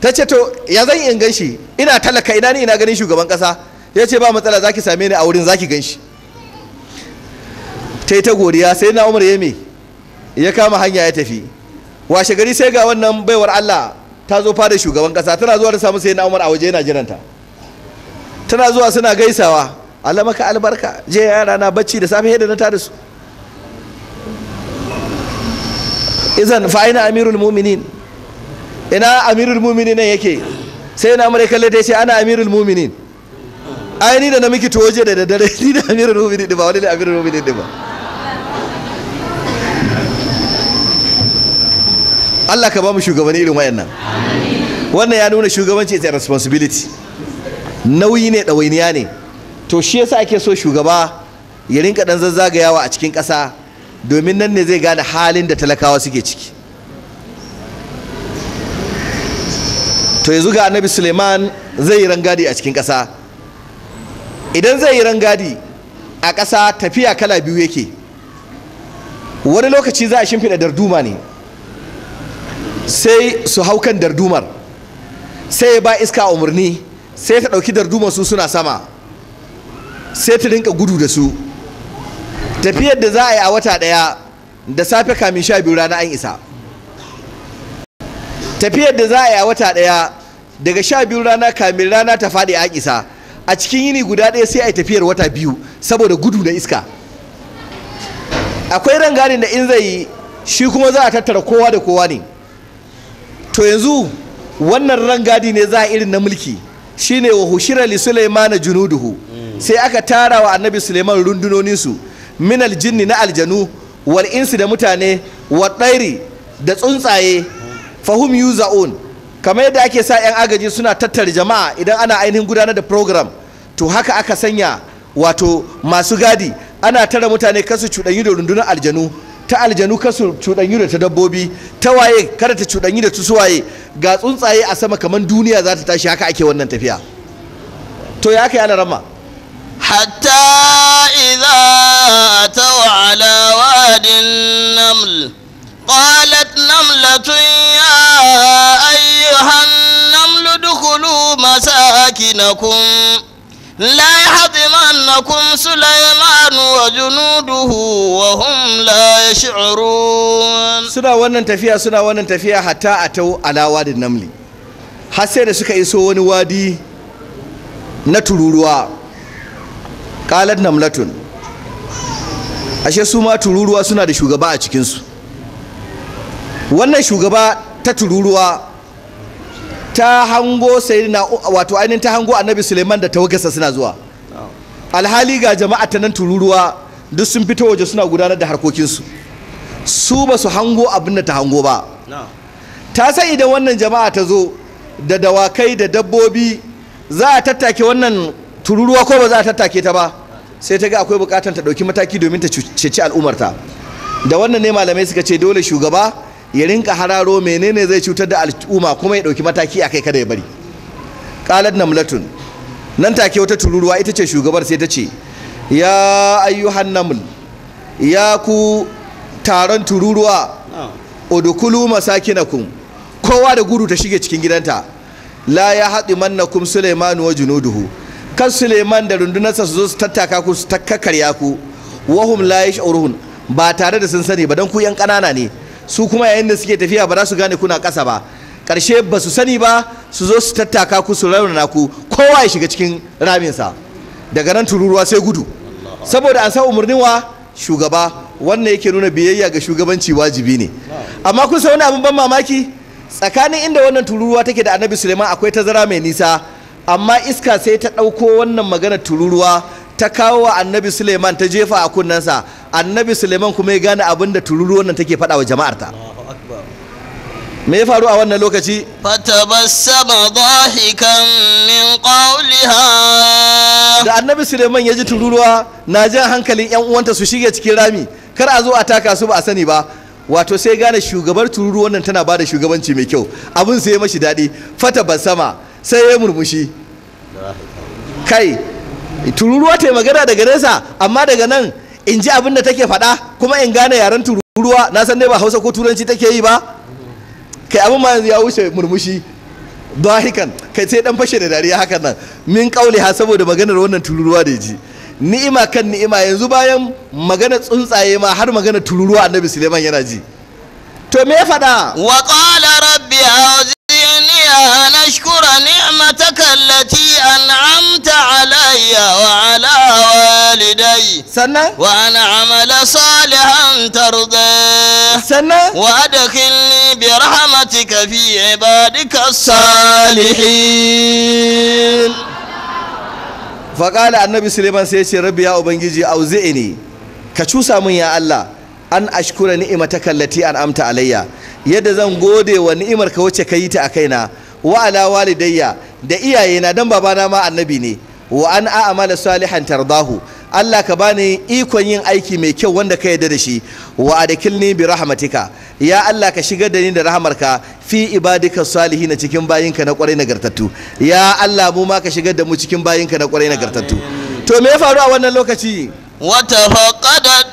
Speaker 4: ta ce to ya zan in gan shi ina talaka ina ni ina ganin shugaban ƙasa ya ce ba matsala za ki same ni a wurin ki gan shi ta yi ta godiya sai na umar ya me ya kama hanya ya tafi washe gari sai ga wannan baiwar Allah ta zo fara shugaban kasa tana zuwa ta samu sai na Umar a waje yana jiranta tana zuwa suna gaisawa Allah maka albarka je yara na bacci da safe da na tada su izan fa aina amirul mu'minin ina amirul mu'minin yake sai na amurai kalle ta ce ana amirul mu'minin ai ni da na miki tuwo da dare, [LAUGHS] ni da amirul mu'minin ba wani da amirul mu'minin ba Allah ka ba mu shugabanni irin wayannan wannan ya nuna shugabanci ita responsibility nauyi ne ɗawainiya ne to shi yasa ake so shugaba ya rinka dan zazzagayawa a cikin kasa domin nan ne zai gane halin da talakawa suke ciki to yanzu ga annabi suleiman zai yi rangadi a cikin ƙasa idan zai yi rangadi a ƙasa tafiya kala biyu yake wani lokaci za a shimfiɗa darduma ne sai su hau kan dardumar sai ya ba iska umarni sai ta ɗauki dardumar su suna sama sai ta rinka gudu da su tafiyar da za a yi a wata ɗaya da safe kamin sha biyu rana an isa tafiyar da za a yi a wata ɗaya daga sha biyu rana kamin rana ta faɗi an isa a cikin yini guda ɗaya sai a yi tafiyar wata biyu saboda gudu da iska akwai ranganin da in zai yi shi kuma za a tattara kowa da kowa ne to yanzu wannan ran gadi ne za a irin na mulki shine wa hushira li sulaimana junuduhu sai aka tara wa annabi suleiman rundunoninsu min aljini na aljanu wal 'insu da mutane wa ɗairi da tsuntsaye fahum yuza'un kamar yadda ake sa 'yan agaji suna tattara jama'a idan ana ainihin gudanar da program to haka aka sanya wato masu gadi ana tara mutane kasu cuɗanyu da rundunar aljanu ta aljanu kasu cuɗanyu da ta dabbobi ta waye kada ta cuɗanyu da waye, ga tsuntsaye a sama kamar duniya za ta tashi haka ake wannan tafiya
Speaker 3: to ya kai ana rama hatta idza taw ala wadin naml qalat namlatun ya ayyuhan naml dukhulu masakinakum لا يحطمنكم سليمان وجنوده وهم لا يشعرون
Speaker 4: سنا wannan tafiya suna wannan tafiya hatta tau ala wadin namli har sai da suka iso wani wadi na tururuwa qalat namlatun ashe su ma tururuwa suna da shugaba a cikinsu wannan shugaba ta tururuwa ta hango sayyidina wato ainihin ta hango annabi suleiman da tawagarsa suna zuwa alhali ga jama'a ta nan tururuwa duk sun fito waje suna gudanar da harkokinsu su ba su hango abin da ta hango ba ta san idan wannan jama'a ta zo da dawakai da dabbobi za a tattake wannan tururuwa ko ba za a tattake ta ba sai ta ga akwai bukatan ta ɗauki mataki domin ta ceci al'ummarta da wannan ne malamai suka ce dole shugaba ya rinka hararo menene zai cutar da al'umma kuma ya ɗauki mataki a kai kada ya bari qalat namlatun nan take wata tururuwa ita ce shugabar sai ta ce ya ayyuhan naml ya ku taron tururuwa udkhulu masakinakum kowa da gudu ta shige cikin gidanta la ya haɗi mannakum Suleiman wa junuduhu kan Suleiman da rundunarsa su zo su tattaka ku su ya ku wahum la yash'urun ba tare da sun sani ba dan ku yan ƙanana ne su kuma yayin da suke tafiya ba za su gane kuna ƙasa ba ƙarshe ba su sani ba su zo su tattaka ku su raunana ku kowa ya shiga cikin raminsa daga nan tururuwa sai gudu saboda an san umarnin wa shugaba wannan yake nuna biyayya ga shugabanci wajibi ne amma kun san wani abin ban mamaki tsakanin inda wannan tururuwa take da annabi suleiman akwai tazara mai nisa amma iska sai ta ɗauko wannan magana tururuwa ta kawo wa annabi suleiman ta jefa a kunnensa annabi suleiman kuma ya gane abin da tururuwan wannan take faɗa wa jama'arta me ya faru a wannan lokaci
Speaker 3: fatabassama dhahikan min qawliha
Speaker 4: da annabi suleiman ya ji tururuwa na jan hankalin yan uwanta su shige cikin rami kar a zo a taka su ba a sani ba wato sai gane shugabar tururuwan nan tana da shugabanci mai kyau abin sai ya mashi daɗi Fata sama sai ya murmushi kai tururuwa ta magana daga nesa amma daga nan in ji abin da take faɗa kuma in gane yaren tururuwa na san dai ba hausa ko turanci take yi ba kai abin ma yanzu ya wuce murmushi hikan kai sai dan fashe da dariya hakan nan min kauli ha saboda maganar wannan tururuwa da ji ni'ima kan ni'ima yanzu bayan magana tsuntsaye ma har magana tururuwa annabi suleiman yana ji to me ya faɗa wa
Speaker 3: qala rabbi awzini an ashkura التي أنعمت علي وعلى والدي سنة وأن عمل صالحا ترضيه سنة وأدخلني برحمتك في عبادك الصالحين
Speaker 4: فقال النبي سليمان سيشي ربي يا أبنجي أوزئني كشوسا من يا الله أن أشكر نئمتك التي أنعمت علي يدزن zan ونئمرك wa أكينا wa ala walidayya da iyayena dan babana ma annabi ne wa an a'mala salihan tardahu Allah ka bani ikon yin aiki mai kyau wanda ka yarda da shi wa adkilni bi rahmatika ya Allah ka shigar da ni da rahamarka fi ibadika salihin cikin bayinka na kwarai nagartattu ya Allah mu ma ka shigar da mu cikin bayinka na kwarai nagartattu to me ya faru a wannan lokaci wata faqada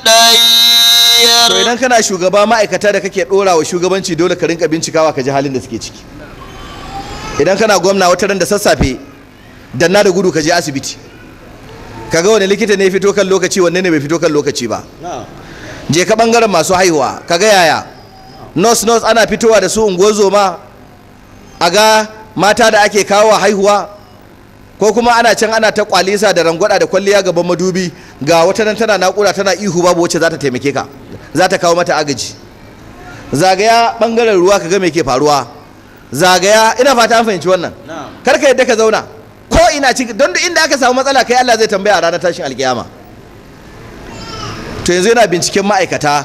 Speaker 4: to idan kana shugaba ma'aikata da kake dora wa shugabanci dole ka rinka bincikawa ka ji halin da suke ciki idan kana gwamna wata ran da sassafe danna da gudu ka je asibiti kaga wani likita ne fito kan lokaci wanne ne bai fito kan lokaci ba je ka bangaren masu haihuwa kaga yaya nurse nurse ana fitowa da su ungozo ma a mata da ake kawo haihuwa ko kuma ana can ana ta kwalisa da rangwada da kwalliya gaban madubi ga wata nan tana nakura tana ihu babu wacce za ta taimake ka za ta kawo mata agaji zagaya bangaren ruwa kaga me ke faruwa zagaya ina fata an fahimci wannan kar ka yadda ka zauna ko ina ci don inda aka samu matsala kai Allah zai tambaya a ranar tashin alkiyama to yanzu yana binciken ma'aikata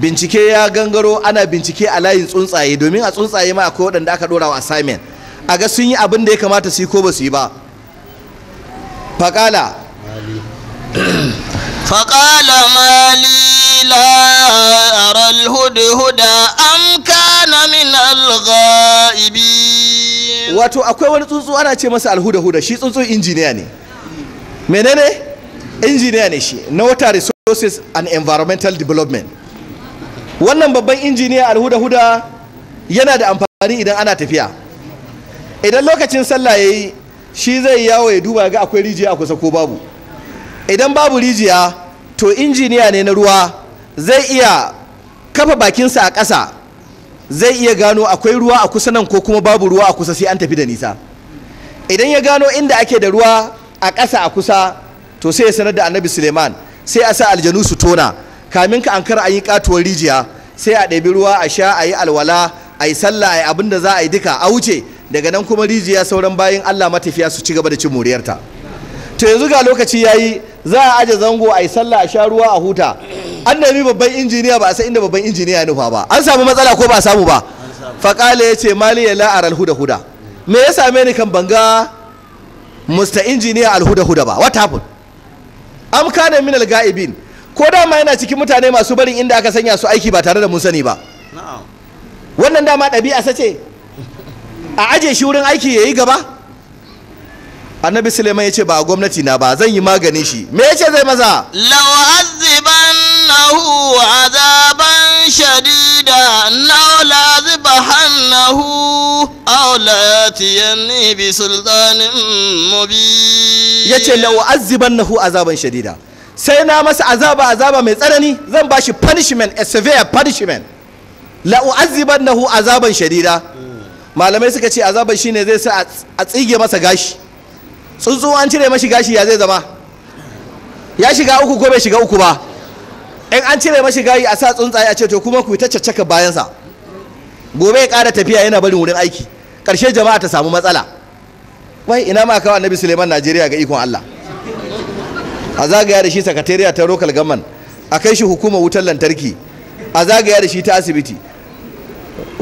Speaker 4: bincike ya gangaro ana bincike a layin tsuntsaye domin a tsuntsaye ma akwai waɗanda aka ɗora wa assignment a ga sun yi abin da ya kamata su yi ko ba su yi ba
Speaker 3: faƙala فقال ما لي لا أرى الهدهد أم كان من الغائبين
Speaker 4: wato akwai wani tsuntsu ana ce masa alhuda-huda shi tsuntsu injiniya ne menene injiniya ne shi na and environmental development wannan babban injiniya alhuda-huda yana da amfani idan ana tafiya idan lokacin sallah yayi shi zai yawo ya duba ga akwai rijiya a kusa ko babu idan babu rijiya to injiniya ne na ruwa zai iya kafa bakinsa a ƙasa zai iya gano akwai ruwa a kusa nan ko kuma babu ruwa a kusa sai an tafi da nisa idan ya gano inda ake da ruwa a ƙasa a kusa to sai ya sanar da annabi suleiman sai a sa aljanu su tona kamin ka ankara an yi katuwar rijiya sai a ɗabi ruwa a sha a yi alwala a yi sallah a yi abin da za a yi duka a wuce daga nan kuma rijiya sauran bayan allah matafiya su ci gaba da cin moriyarta to yanzu ga lokaci ya yi za a aje zango a yi sallah a sha ruwa a huta an nemi babban injiniya ba a san inda babban injiniya ya nufa ba an samu matsala ko ba samu ba Faƙale ya ce mali ya la'ar alhuda huda me ya same ni kan banga musta injiniya alhuda huda ba what happened am kana min alga'ibin ko dama yana cikin mutane masu barin inda aka sanya su aiki ba tare da mun sani ba wannan dama ɗabi'a sace a aje shi wurin aiki yayi gaba annabi suleiman ya ce ba a gwamnati na ba zan yi magani shi me ya ce zai maza
Speaker 3: law nahu azaban shadida naw la hannahu bi sultanin
Speaker 4: yace nahu azaban shadida sai na masa azaba azaba mai tsanani zan bashi punishment a severe punishment la nahu azaban shadida malamai suka ce azaban shine zai sa a tsige masa gashi tsuntsu an cire mashi gashi ya zai zama ya shiga uku ko bai shiga uku ba in an cire mashi gashi a sa tsuntsaye a ce to kuma ku ta caccaka bayansa gobe ya ƙara tafiya yana barin wurin aiki karshe jama'a ta samu matsala wai ina ma kawo annabi suleiman najeriya ga ikon allah a zagaya da shi sakatariya ta rokal gaman a kai shi hukumar wutar lantarki a zagaya da shi ta asibiti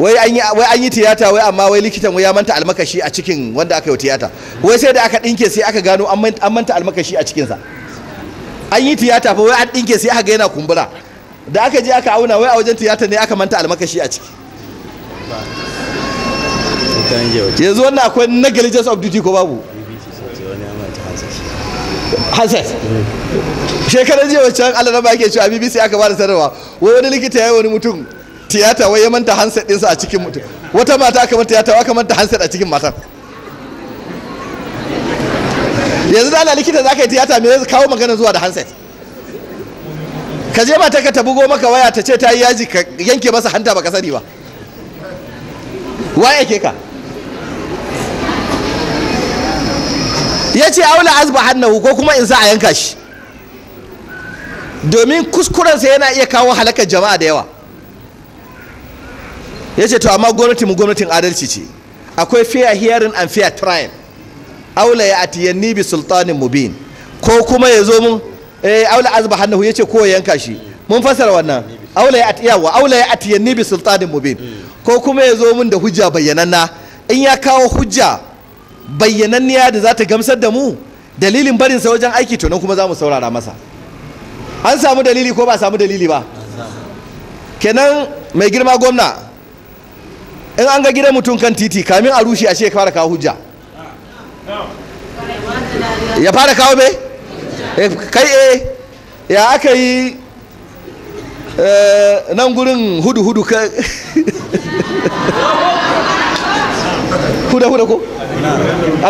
Speaker 4: wai an yi wai an yi tiyata wai amma wai likitan wai ya manta almakashi a cikin wanda aka yi tiyata wai sai da aka dinke sai aka gano an manta almakashi a cikinsa an yi tiyata fa wai an dinke sai aka ga yana kumbura da aka je aka auna wai a wajen tiyata ne aka manta almakashi a ciki yanzu wannan akwai negligence of duty ko babu hanset shekarar jiya wacce alaraba ake cewa bbc aka ba da sanarwa wai wani likita ya yi wani mutum tiyata wai ya manta handset ɗinsa a cikin mutum wata mata aka manta tiyata aka manta handset a cikin matar yanzu da ana likita za ka yi tiyata me zai kawo magana zuwa da handset ka je mata ka ta bugo maka waya ta ce ta yi yaji ka yanke masa hanta baka sani ba waye ke ka ya ce aula azba hannahu ko kuma in sa a yanka shi domin kuskurensa yana iya kawo halakar jama'a da yawa ya ce to amma gwamnati mu gwamnatin adalci ce akwai fair hearing and fair trial aula ya ni bi sultanin mubin ko kuma ya zo mun eh aula azba hannahu yace ko yanka shi mun fasara wannan aula ya wa aula ya ni bi sultanin mubin ko kuma ya zo mun da hujja bayyananna in ya kawo hujja bayyananniya da za ta gamsar da mu dalilin barin sa wajen aiki to nan kuma za mu saurara masa an samu dalili ko ba samu dalili ba kenan mai girma gwamna in an ga gidan mutum kan titi kamin a rushe a ce fara kawo hujja ya fara kawo me eh, kai e ya aka yi eh, nan gurin hudu hudu ka [LAUGHS] huda huda ko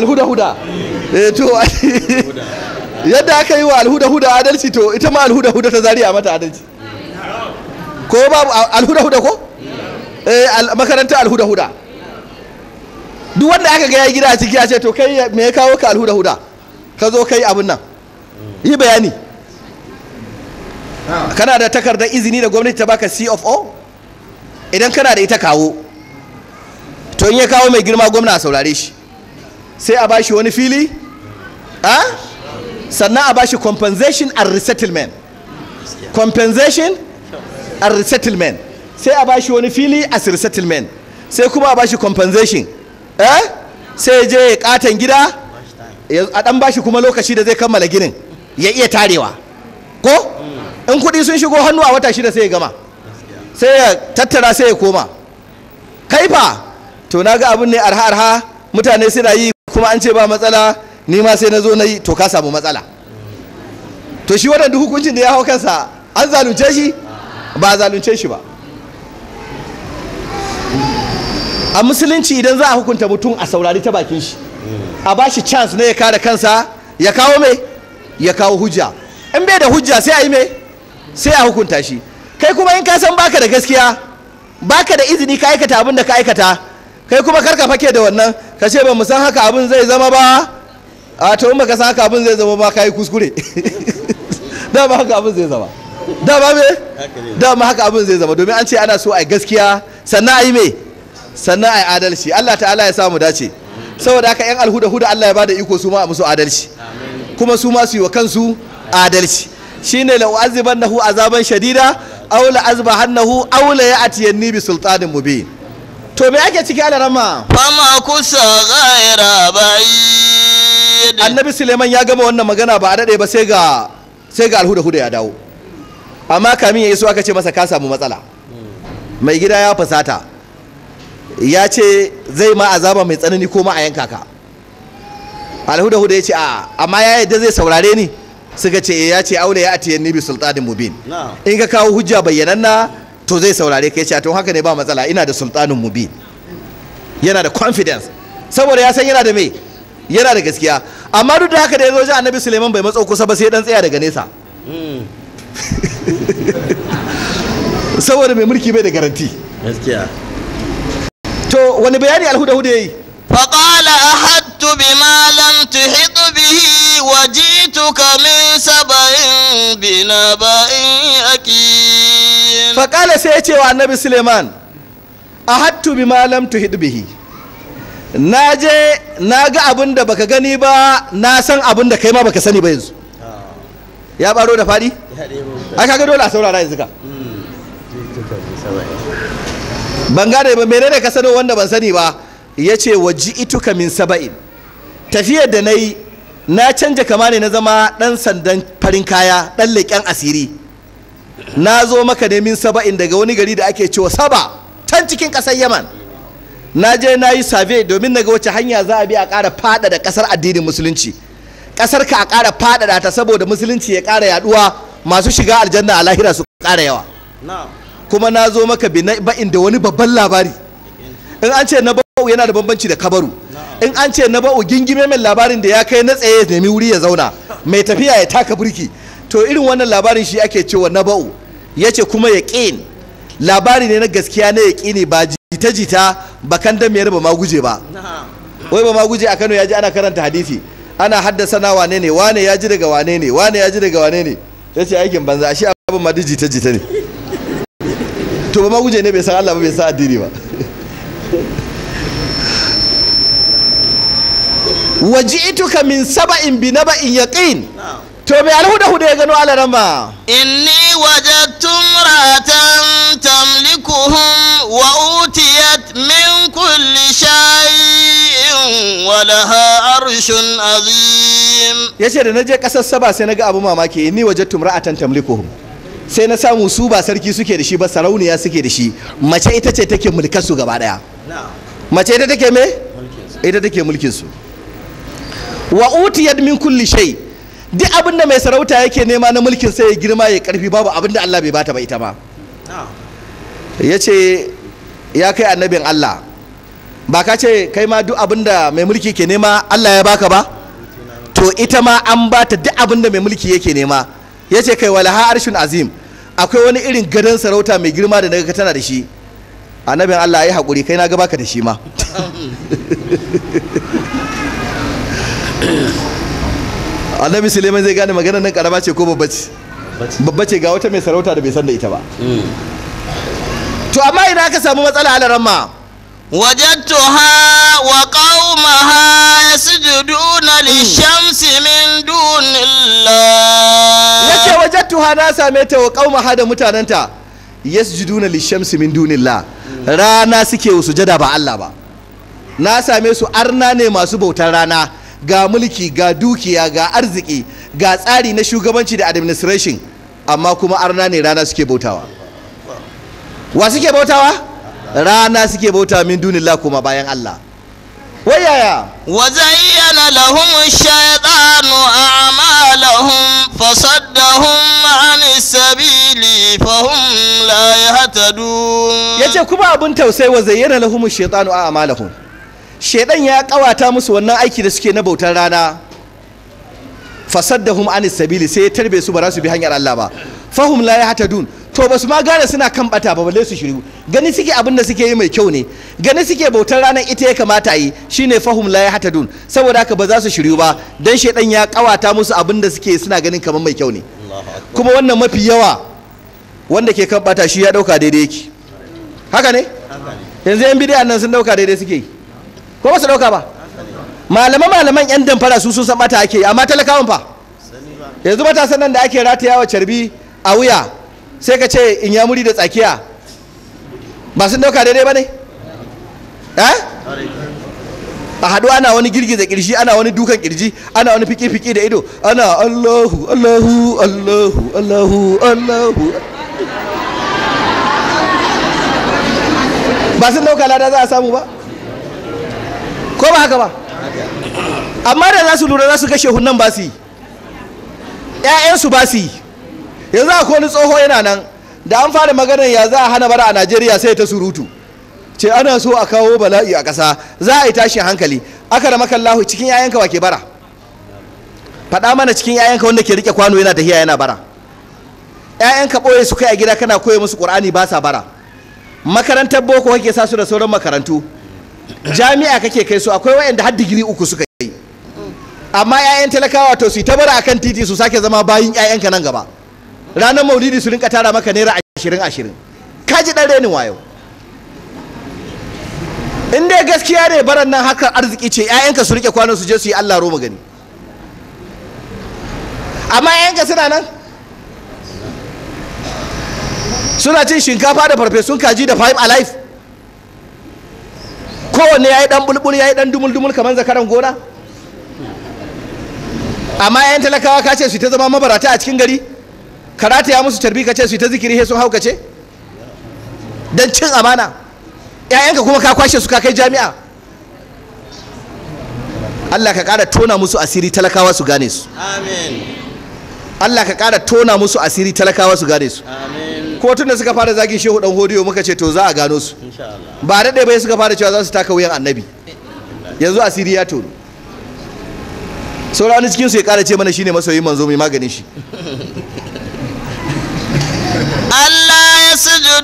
Speaker 4: alhuda huda to [LAUGHS] yadda aka yi wa alhuda huda adalci to ita ma alhuda huda ta zariya mata adalci ko babu alhuda huda ko Eh, makaranta alhuda-huda duk wanda aka gaya ya gida a ciki ya ce to kai me ya kawo ka alhuda-huda ka zo kai abin nan yi bayani ah. kana da takardar izini da gwamnati ta baka cfo idan kana da ita kawo to in ya kawo mai girma gwamna a saurare shi sai a bashi wani fili sannan a bashi compensation and resettlement compensation and resettlement sai a bashi wani fili a sir settlement sai kuma a bashi compensation eh sai je ya katan gida a dan bashi kuma lokaci da zai kammala ginin ya iya tarewa ko in kuɗi sun shigo hannu a wata shida sai ya gama sai ya tattara sai ya koma kaifa to na ga abin ne arha arha mutane suna yi kuma an ce ba matsala ni ma sai na zo na yi to ka samu matsala to shi wannan duk hukuncin da ya hau kansa an zalunce shi ba zalunce shi ba a musulunci idan za a hukunta mutum a saurari ta bakin shi a ba shi chance ne ya kare kansa ya kawo mai ya kawo hujja in bai da hujja sai a yi mai sai a hukunta shi kai kuma in ka san baka da gaskiya baka da izini ka aikata abin da ka aikata kai kuma karka fake da wannan ka ce ba mu san haka abin zai zama ba a to in baka san haka abin zai zama ba ka yi kuskure [LAUGHS] da ba haka abin zai zama da ba me da ma haka abin zai zama domin an ce ana so a gaskiya sannan a yi mai sannan a yi adalci Allah ta'ala ya samu dace saboda haka yan alhuda huda Allah ya bada iko su ma a musu adalci kuma su ma su yi wa kansu adalci shine la nahu azaban shadida aw la azbahannahu aw la ya'tiyanni bi sultanin mubin to me ake ciki ala rama
Speaker 3: fama kusa ghaira ba'id
Speaker 4: annabi suleiman ya gama wannan magana ba a dade ba sai ga sai ga alhuda huda ya dawo amma kamin ya iso aka ce masa ka samu matsala mai gida ya fasata ya ce zai ma azaba mai tsanani ko ma a yanka ka alhuda ya ce a amma ya yadda zai saurare ni suka ce eh, ya ce aure ya atiyar ni bi sultanin mubin in ka kawo hujja bayyananna to zai saurare ka ya ce to haka ne ba matsala ina da sultanin mubin yana da confidence saboda ya san yana da me yana da gaskiya amma duk da haka da ya zo ji annabi suleiman bai matso kusa ba sai dan tsaya daga nesa hmm. [LAUGHS] saboda mai mulki bai da garanti gaskiya to wani bayani alhuda-huda yi
Speaker 3: faƙala a hattu bi malam tuhitu bihi wa jitu min saba'in bi na ba'in aki
Speaker 4: faƙala sai ya ce wa annabi suleiman a hattu bi malam tuhitu bihi na je na ga abin da baka gani ba na san abin da kai ma baka sani ba yanzu ya baro da faɗi? ya ɗaya ba dole a saurara yanzu ka? Hmm. ban gane ba menene ka sano wanda ban sani ba ya ce wa ituka min saba'in tafiyar da na yi na canja kama ne na zama ɗan sandan farin kaya ɗan leƙen asiri na zo maka ne saba'in daga wani gari da ake cewa saba can cikin ƙasar yaman na je na yi save domin naga wace hanya za a bi a ƙara faɗaɗa ƙasar addinin musulunci ƙasar ka a ƙara faɗaɗa ta saboda musulunci ya ƙara yaɗuwa masu shiga aljanna a lahira su ƙara yawa kuma na zo maka ba'in da wani babban labari in an ce na ba'u yana da bambanci da kabaru in an ce na ba'u gingime mai labarin da ya kai na tsaye ya nemi wuri ya zauna mai tafiya ya taka birki to irin wannan labarin shi ake cewa na ba'u ya ce kuma ya ƙin labari ne na gaskiya na ya ƙini ba jita jita ba kan ba ma guje ba wai ba ma guje a kano ya ji ana karanta hadisi ana haddasa na wane ne wane ya ji daga wane ne wane ya ji daga wane ne ya ce aikin banza shi abin ma jita jita ne to ba maguje ne bai san Allah ba bai san addini ba ituka min saba'in bi naba'in yaqin to me alhuda huda ya gano Allah rama
Speaker 3: inni wajadtu ratan tamlikuhum wa utiyat min kulli shay'in wa laha arshun azim
Speaker 4: yace da naje kasar saba sai naga abu mamaki inni wajadtu ra'atan tamlikuhum sai na samu su ba sarki suke da shi ba sarauniya suke da shi mace ita ce take mulkar su gaba daya mace ita take me ita take mulkin su wa utiyad min kulli shay duk abin da mai sarauta yake nema na mulkin sai ya girma ya karfi babu abin da Allah bai bata ba ita ba yace ya kai annabin Allah ba ka ce kai ma duk abin da mai mulki ke nema Allah ya baka ba to ita ma an bata duk abin da mai mulki yake nema yace kai walaha arshun azim akwai wani irin gadon sarauta mai girma da naga tana da shi annabin Allah ya yi haƙuri kai na ga baka da shi ma [LAUGHS] annabi suleiman zai gane maganar nan karama ce ko babba ce babba ce ga wata mai sarauta da bai san da ita ba hmm. to amma ina aka samu matsala a ramma
Speaker 3: ha wa qaumaha yasjuduna hmm. lishamsi min dunillah
Speaker 4: rana same ta wa qauma da mutananta yasjuduna lishamsi min dunillah rana suke sujada ba Allah ba na same su arna ne masu bautar rana ga mulki ga dukiya ga arziki ga tsari na shugabanci da administration amma kuma arna ne rana suke bautawa wa suke bautawa rana suke bauta min dunillah kuma bayan Allah wayaya
Speaker 3: yaya? lahum shaytanu a'malahum fasaddahum sabili fahum la yahtadun
Speaker 4: yace kuma abun tausayi wa lahum shaytanu amalahum shaydan ya kawata musu wannan aiki da suke na bautar rana fasaddahum an sabili sai ya tarbe su ba za su bi hanyar Allah ba fahum la yahtadun to ba su ma gane suna kan bata ba balle su shiru gani suke abin da suke yi mai kyau ne gani suke bautar ranar ita ya kamata yi shine fahum la yahtadun saboda haka ba za su shiru ba dan shedan ya kawata musu abin da suke suna ganin kamar mai kyau ne kuma wannan mafi yawa wanda ke kan bata shi ya dauka daidai yake haka ne yanzu yan bidiyan nan sun dauka daidai suke yi ko ba su dauka ba malama malaman yan damfara su sun san bata ake yi amma talakawan fa yanzu matasan nan da ake ratayawa carbi a wuya sai ka ce in ya muri da tsakiya ba sun dauka daidai ba ne eh? a haɗu ana wani girgiza kirji ana wani dukan kirji ana wani fiki-fiki da ido ana allahu allahu allahu allahu allahu ba sun dauka lada za a samu ba ko ba haka ba amma da za su lura za su kashe hunan ba su yi 'ya'yansu ba su yi yanzu akwai wani tsoho yana nan da an fara maganar ya za a hana bara a najeriya sai ta surutu ce ana so a kawo bala'i a ƙasa za a yi tashi hankali aka da makallahu cikin 'ya'yanka wa ke bara faɗa mana cikin 'ya'yanka wanda ke rike kwano yana tahiya yana bara 'ya'yanka ɓoye su kai a gida kana koya musu ƙur'ani ba sa bara makarantar boko kake sa su da sauran makarantu jami'a kake kai su akwai wa'anda har digiri uku suka yi amma 'ya'yan talakawa to su yi ta bara akan titi su sake zama bayin 'ya'yanka nan gaba ranar maulidi su rinka tara maka naira ashirin ashirin ka ji ɗan renin wayo in dai gaskiya ne baran nan haka arziki ce 'ya'yanka su rike kwanon su je su yi allah roma gani amma 'ya'yanka suna nan suna cin shinkafa da farfesun kaji da five alive kowanne ya yi dan bulbul ya yi dan dumul-dumul kamar zakaran gona amma 'ya'yan talakawa ka ce su ta zama mabarata a cikin gari karata ya musu tarbi ka ce su ta zikiri he sun haukace Don cin amana ƴaƴanka kuma ka kwashe su ka kai jami'a Allah ka ƙara tona musu asiri talakawa su gane su amin Allah ka ƙara tona musu asiri talakawa su gane su
Speaker 3: amin
Speaker 4: ko tun da suka fara zagin shehu dan hodiyo muka ce to za a gano su ba daɗe bai suka fara cewa za su taka wuyan annabi yanzu asiri ya tono sauran cikin cikinsu ya ƙara ce mana shine masoyin manzo mai maganin shi [LAUGHS]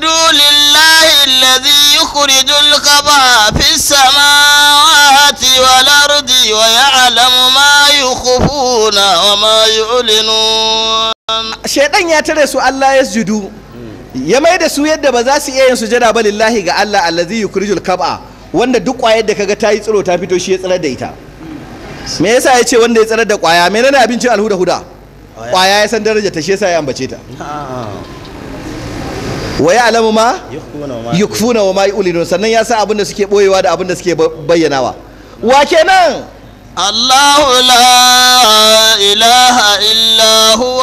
Speaker 3: فاسجدوا لله الذي يخرج الخبأ في السماوات والأرض ويعلم ما يخفون وما يعلنون
Speaker 4: شيطان يا ترى سؤال لا يسجدوا ya mai da su yadda ba za su iya yin jada ba lillahi ga Allah allazi yukrijul kab'a wanda duk kwayar da kaga ta yi tsiro ta fito shi ya tsirar da ita me yasa ya ce wanda ya tsirar da kwaya menene abincin alhuda huda kwaya ya san daraja ta shi yasa ya ambace ta wa ya alamu ma yukfuna wa ma ulinu sannan ya san abin da suke boyewa da abin da suke bayyanawa wa
Speaker 3: kenan الله لا إله إلا هو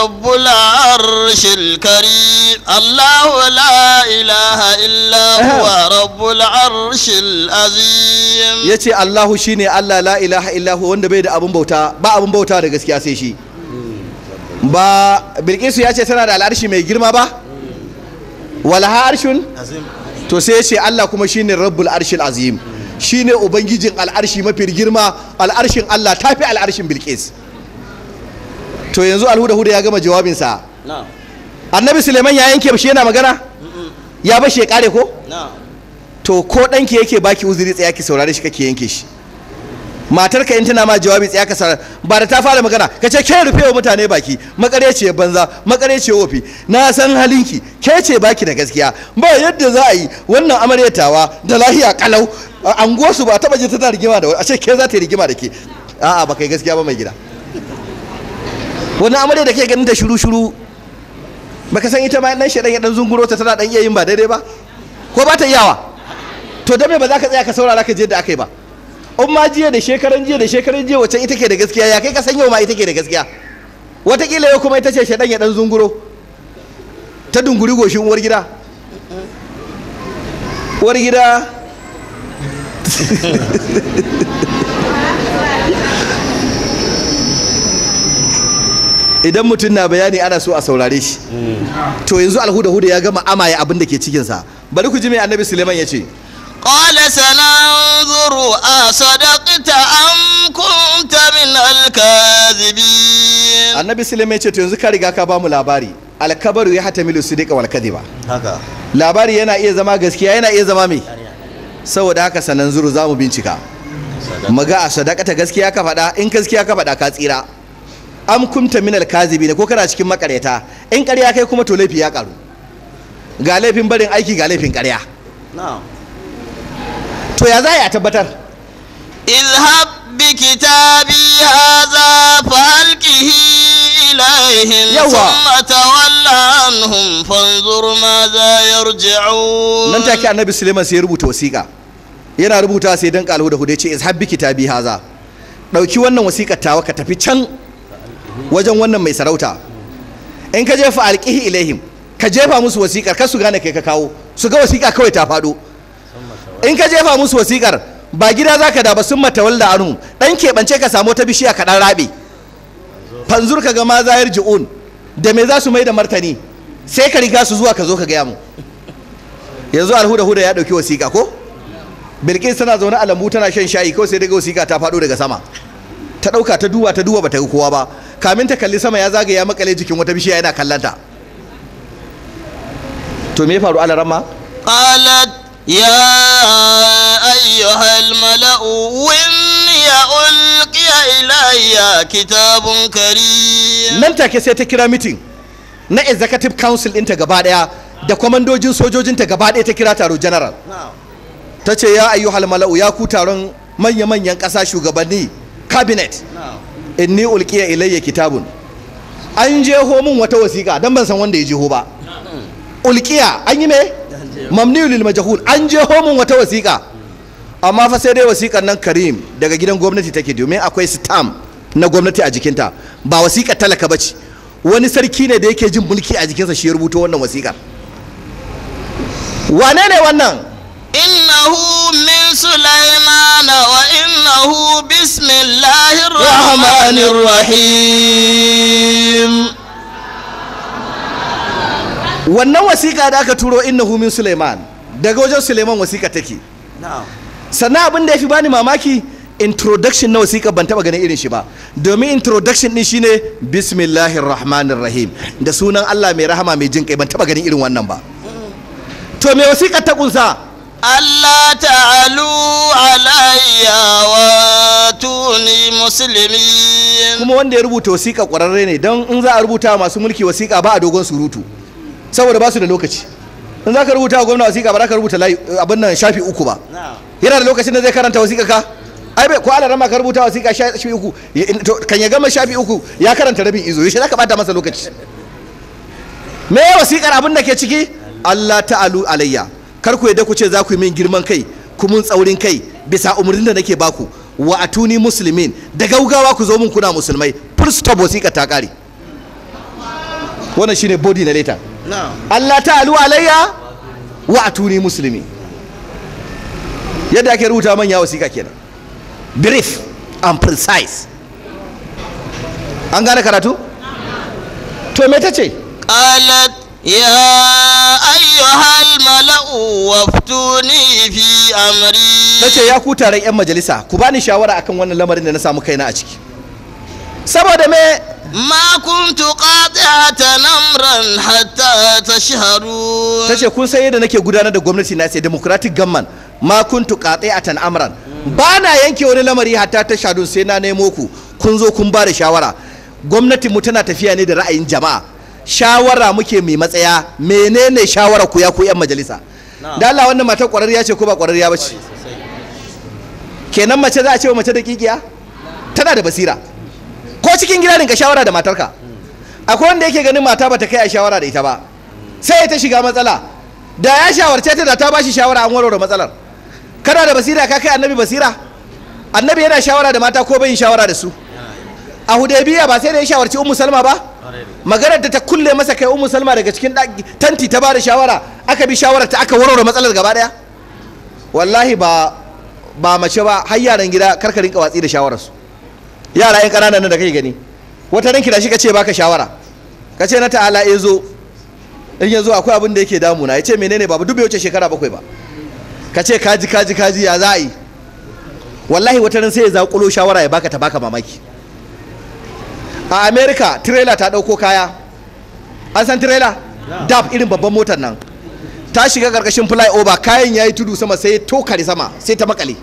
Speaker 3: رب العرش الكريم الله لا إله إلا هو رب العرش العظيم
Speaker 4: يتي الله شيني الله لا إله إلا هو وند بيد أبو بوتا با أبو بوتا da gaskiya sai shi
Speaker 5: hmm.
Speaker 4: ba bilkisu yace ce tana da al'arshi mai girma ba walaha arshun to sai ce Allah kuma shine rabbul arshil azim shine ubangijin al'arshi mafi girma al'arshin Allah tafi al'arshin bilqis to yanzu alhuda huda ya gama jawabinsa annabi suleiman ya yanke shi yana magana ya bashi ya kare ko to ko ɗanki yake baki uzuri tsaya ki saurare shi kake yanke shi matar ka in tana ma jawabi tsaya ka ba da ta fara magana ka ce ke rufe wa mutane baki ce banza ce wofi na san halinki ke ce baki da gaskiya ba yadda za a yi wannan amaryatawa da lahiya kalau an su ba taba ta tana rigima da wani a ce ke za ta yi rigima da ke a'a ba kai gaskiya ba mai gida wannan amarya da ke ganin da shuru shuru baka san ita ma dan shedan ya dan zunguro ta tana dan iya yin ba daidai ba ko ba ta iyawa to da me ba za ka tsaya ka saurara ka je da akai ba in ma jiya da shekaran jiya da shekaran jiya wacce ita ke da gaskiya ya kai ka san yau ma ita ke da gaskiya wataƙila yau kuma ita ce shaɗan ya ɗan zunguro ta dunguri goshin uwar gida uwar gida [LAUGHS] idan mutum na bayani ana so a saurare shi hmm. to yanzu alhuda-huda ya gama amaye abin da ke cikinsa bari ku ji mai annabi suleiman ya ce
Speaker 3: قال سننظر a أم كنت من الكاذبين
Speaker 4: النبي سلم ya ce to yanzu ka riga ka bamu labari alkabaru ya hatamilu sidiqa wal kadhiba haka labari yana iya zama gaskiya yana iya zama me saboda haka sanan zuru zamu bincika maga a sadakata gaskiya ka faɗa in gaskiya ka faɗa ka tsira am kunta min alkazibi ko kana cikin makareta in ƙarya kai kuma to laifi ya karu ga laifin barin aiki ga laifin ƙarya to ya za a tabbatar
Speaker 3: izhab bi kitabi hadha fa alqihi ilaihim thumma tawalla anhum fanzur ma za yarji'un nan
Speaker 4: take annabi Suleiman sai ya rubuta wasiƙa yana rubuta sai dan kalwo da hude ce izhab bi kitabi hadha dauki wannan wasiƙar tawa ka tafi can wajen wannan mai sarauta in ka jefa alqihi ilaihim ka jefa musu wasiƙar kar su gane kai ka kawo su ga wasiƙa kawai ta faɗo in ka jefa musu wasikar ba gida za ka da sun matawal da anu ɗan keɓance ka samu ta bishiya ka ɗan raɓe fanzur ka ga ma zayar ji'un da me za su mai da martani sai ka riga su zuwa ka zo ka gaya mu yanzu alhuda huda ya ɗauki wasiƙa ko bilkis tana zaune a lambu tana shan shayi kawai sai daga wasiƙa ta faɗo daga sama ta ɗauka ta duba ta duba bata ga kowa ba kamin ta kalli sama ya zagaya makale jikin wata bishiya yana kallanta to me ya faru alaramma
Speaker 3: qalat يا أيها الملأ إني ألقي إلي كتاب كريم
Speaker 4: nan take sai ta kira mitin na executive council ɗinta gaba ɗaya da kwamandojin sojojinta gaba ɗaya ta kira taron general ta ce ya ayyuhal halmala'u, ya ku taron manya-manyan ƙasa shugabanni cabinet inni ulkiya ilayya kitabun an jeho min wata wasiƙa don ban san wanda ya jeho ba Ulƙiya, an yi me mamniyu lil majhul an je homun wata wasiƙa amma fa sai dai wasiƙar nan karim daga gidan gwamnati take domin akwai stamp na gwamnati a jikinta ba wasiƙa talaka bace wani sarki ne da yake jin mulki a jikinsa shi ya rubuto wannan wasiƙar wane ne wannan
Speaker 3: innahu min sulaiman wa innahu bismillahir rahmanir rahim
Speaker 4: wannan wasiƙa da aka turo innahu Humin Suleiman daga wajen Suleiman wasiƙa take sannan abin da ya fi bani mamaki introduction na wasiƙa ban taɓa ganin irin shi ba domin introduction din shine bismillahir rahmanir rahim da sunan Allah mai rahama mai jin kai ban taɓa ganin irin wannan ba to me wasiƙa ta kunsa
Speaker 3: Allah ta'alu alayya wa tuni muslimin
Speaker 4: kuma wanda ya rubuta wasiƙa ƙwararre ne don in za a rubuta masu mulki wasiƙa ba a dogon surutu saboda ba su da lokaci in za ka rubuta gwamna wasiƙa ba za ka rubuta abin nan shafi uku ba yana da lokacin da zai karanta wasiƙa ka ai bai ko ala ka rubuta wasiƙa shafi uku kan ya gama shafi uku ya karanta rabin izo yaushe za ka bata masa lokaci me wasiƙar abin da ke ciki Allah ta'alu alayya kar ku yadda ku ce za ku yi min girman kai ku mun tsaurin kai bisa umarnin da nake baku wa atuni muslimin da gaugawa ku zo mun kuna musulmai full stop wasiƙa ta kare wannan shine body na leta Allah ta alu alayya wa atuni musulmi yadda ake rubuta manya wasiƙa kenan brief and precise an gane karatu to me ta
Speaker 3: ce qalat ya ayyuhal mala'u waftuni fi amri
Speaker 4: tace ya ku taron yan majalisa ku bani shawara akan wannan lamarin da na samu kaina a ciki
Speaker 3: saboda me ma kuntu qati'atan amran hatta tashharun
Speaker 4: tace kun san yadda nake gudanar da gwamnati na sai democratic government ma kuntu qati'atan amran ba na yanke wani lamari hatta tashhadun sai na nemo ku kun zo kun ba da shawara gwamnatin mu tana tafiya ne da ra'ayin jama'a shawara muke mai matsaya menene shawara ku ya ku yan majalisa da Allah wannan mata kwararriya ce ko ba kwararriya ba ce kenan mace za a ce wa mace da kikiya tana da basira ko cikin gida ka shawara da matarka akwai wanda yake ganin mata bata kai a shawara da ita ba sai ta shiga matsala da ya shawarce ta da ta bashi shawara an warware matsalar kana da basira ka kai annabi basira annabi yana shawara da mata ko bai shawara da su a hudaybiya ba sai da ya shawarci ummu salma ba maganar da ta kulle masa kai ummu salma daga cikin tanti ta bada shawara aka bi shawarar ta aka warware matsalar gaba daya wallahi ba ba mace ba har yaran gida karka rinka watsi da shawararsu yara yan ƙananan nan da kai gani wata ranki da shi ka ce baka shawara ka ce na ta'ala ya zo in ya zo akwai abin da yake damuna ya ce menene babu duk bai wuce shekara bakwai ba ka ce kaji kaji kaji ya za wallahi wata ran sai ya zaƙulo shawara ya baka ta baka mamaki a america trailer ta ɗauko kaya an san trailer dab irin babban motar nan ta shiga ƙarƙashin flyover kayan ya yi tudu sama sai tokare sama sai ta makale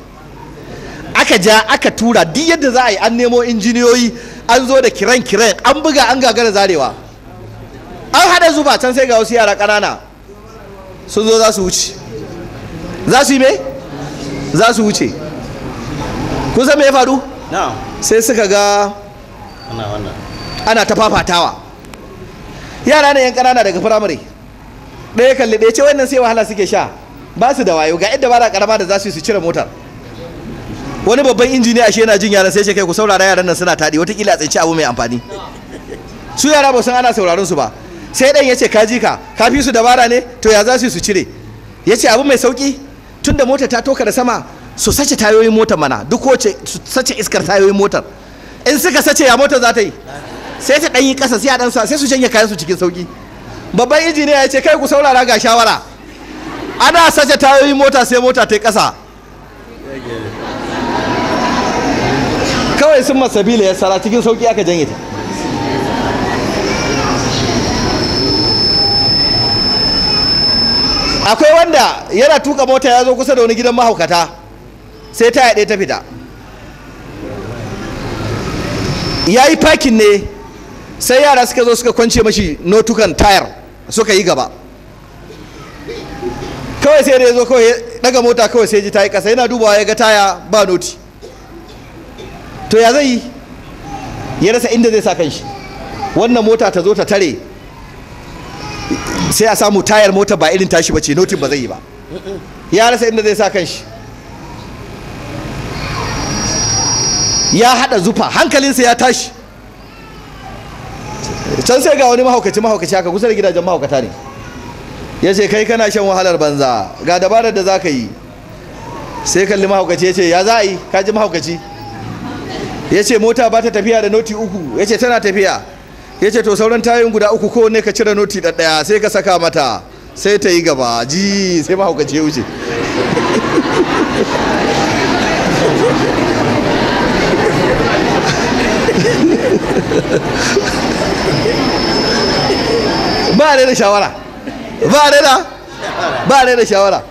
Speaker 4: aka ja aka tura duk yadda za a yi an nemo injiniyoyi an zo da kiran kiran an buga an gagara zarewa an hada zuba can sai ga wasu yara ƙanana sun zo za su wuce za su yi me za su wuce kun san me ya faru sai suka ga ana ta fafatawa yara ne yan ƙanana daga firamare ɗaya kalli ɗaya ce wannan sai wahala suke sha ba su da wayo ga yadda ba da ƙarama da za su yi su cire motar wani babban injiniya shi yana jin yaran sai ce kai ku saurara yaran nan suna taɗi watakila a tsinci abu mai amfani su yara ba san ana sauraron su ba sai dan ya ce ka ji ka ka fi su dabara ne to ya za su su cire ya ce abu mai sauki tunda mota ta toka da sama su sace tayoyin motar mana duk wace su sace iskar tayoyin motar in suka sace ya motar za ta yi sai ta ɗan yi ƙasa sai a ɗan sai su janye kayan su cikin sauki babban injiniya ya ce kai ku saurara ga shawara ana sace tayoyin mota sai mota ta yi ƙasa kawai sun masabila ya sara cikin sauki aka janye ta akwai wanda yana tuka mota ya zo kusa da wani gidan mahaukata sai ta yaɗe ta fita ya yi fakin ne sai yara suka zo suka kwance mashi notukan tayar suka yi gaba kawai sai da ya zo kawai daga mota kawai sai ji ta yi ƙasa yana dubawa ya ga taya ba noti to ya zai ya rasa inda zai sa kanshi wannan mota ta zo ta tare sai a samu tayar mota ba irin tashi bace notin ba zai yi ba ya rasa inda zai sa kanshi ya hada zufa hankalinsa ya tashi can sai ga wani mahaukaci mahaukaci haka kusa da gidajen mahaukata ne ya ce kai kana shan wahalar banza ga dabarar da za ka yi sai kalli mahaukaci ya ce ya za a yi ka ji mahaukaci ya ce mota ba ta tafiya da noti uku ya ce tana tafiya ya ce to sauran tayin guda uku ko ne ka cire noti ɗaya sai ka saka mata sai ta yi gaba ji sai ma hukace wuce ba da shawara ba da ba da shawara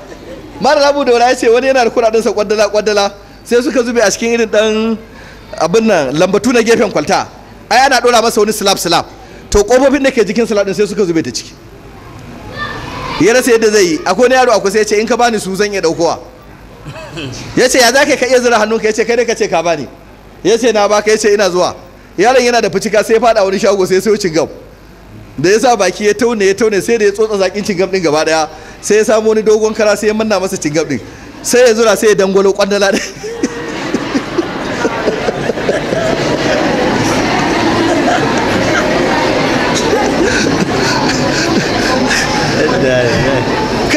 Speaker 4: mara labu da wani ya ce wani yana da kudaden kwaddala kwaddala sai suka zube a cikin irin dan abin nan lambatu na gefen kwalta ai ana dora masa wani slap slap to kofofin da ke jikin slab din sai suka zube ta ciki ya rasa yadda zai yi akwai wani yaro akwai sai ya ce in ka bani su zan iya daukowa ya ce ya za ka iya zira hannunka ya ce kai ka ce ka bani ya ce na baka ya ce ina zuwa yaron yana da fucika sai fada wani shago sai sai cingam da ya sa baki ya taune ya taune sai da ya tsotsa zakin cingam din gaba daya sai ya samu wani dogon kara sai ya manna masa cingam din sai ya zura sai ya dangwalo kwandala din [LAUGHS]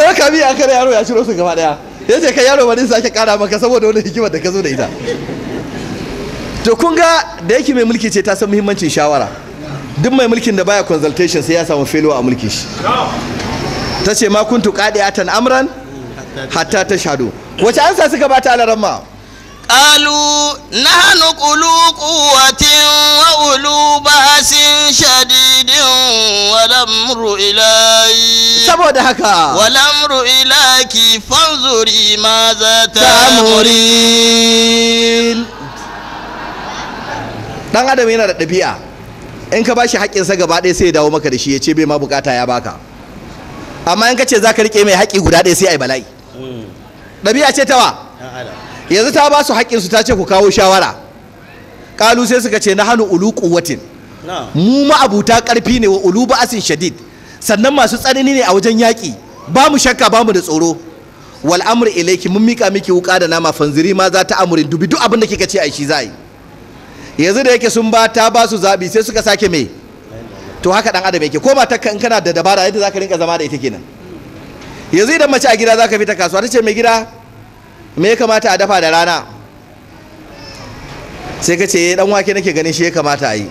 Speaker 4: ya kami an kare yaro ya ciro su gaba daya ya ce kai yaro ba din sake kara maka saboda wani hikimar da ka zo da ita to kun ga da yake mai mulki ce ta san muhimmancin shawara duk mai mulkin da baya consultation sai ya samu failure a mulki shi ta ce ma kuntu qadi'atan amran hatta tashhadu wace ansa suka bata alaran ma
Speaker 3: قالوا نحن قلو قوة وأولو بأس شديد والأمر إليك والأمر إليك فانظري ماذا تأمرين dan adam
Speaker 4: yana da ɗabi'a in ka bashi haƙƙinsa gaba ɗaya sai ya dawo maka da shi ya ce bai ma bukata ya baka amma in ka ce za ka riƙe mai haƙƙi guda ɗaya sai a yi bala'i hmm. ɗabi'a ce ta wa yanzu ta ba su haƙƙinsu ta ce ku kawo shawara ƙalu sai suka ce na hannu ulu kuwatin mu ma'abuta ƙarfi ne wa ulu ba'asin shadid sannan masu tsanani ne a wajen yaƙi ba mu shakka ba mu da tsoro wal ilaiki mun mika miki wuka da nama fanziri ma za ta amurin dubi duk abin da kika ce a shi za yi yanzu da yake sun ba ta ba su zaɓi sai suka sake me to haka dan adam yake ko matarka in kana da dabara yadda za ka rinka zama da ita kenan yanzu idan mace a gida za zaka fita kasuwa ta ce mai gida me ya kamata a dafa da rana sai ka ce dan eh, wake nake ganin shi ya kamata a yi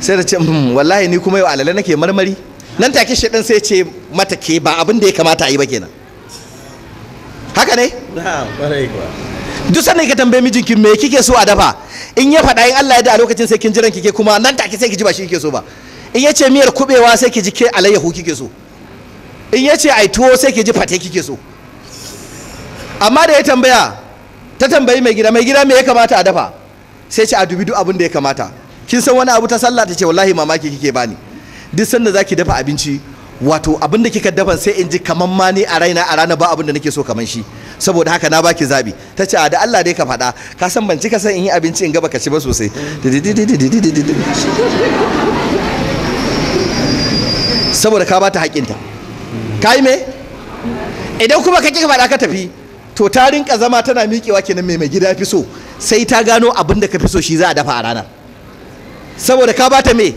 Speaker 4: sai da ce hmm, wallahi ni kuma yau alale nake marmari nan take shi din sai ce mata ke ba abin da ya kamata a yi ba kenan haka ne duk sannan ka tambaye mijinki me kike so a dafa in ya faɗa in Allah ya da a lokacin sai kin jiran kike kuma nan take sai ki ji ba shi kike so ba in ya ce miyar kubewa sai ki ji ke alayyahu kike so in ya ce ai tuwo sai ki ji fate kike so amma da ya tambaya ta tambayi mai gida mai gida me ya kamata a dafa sai ce a dubi duk abin da ya kamata kin san wani abu ta sallah ta ce wallahi mamaki kike bani duk sanda zaki dafa abinci wato abin da kika dafa sai in ji kaman ma ni a raina a rana ba abin da nake so kaman shi saboda haka na baki zabi ta ce a da Allah dai ka faɗa ka san ban cika san in yi abinci in gaba ka ci ba sosai saboda ka bata haƙinta ka yi me idan kuma ka kika faɗa ka tafi to ta rinka zama tana miƙewa kenan mai mai gida fi so sai ta gano abin da ka fi so shi za a dafa a ranar saboda ka bata me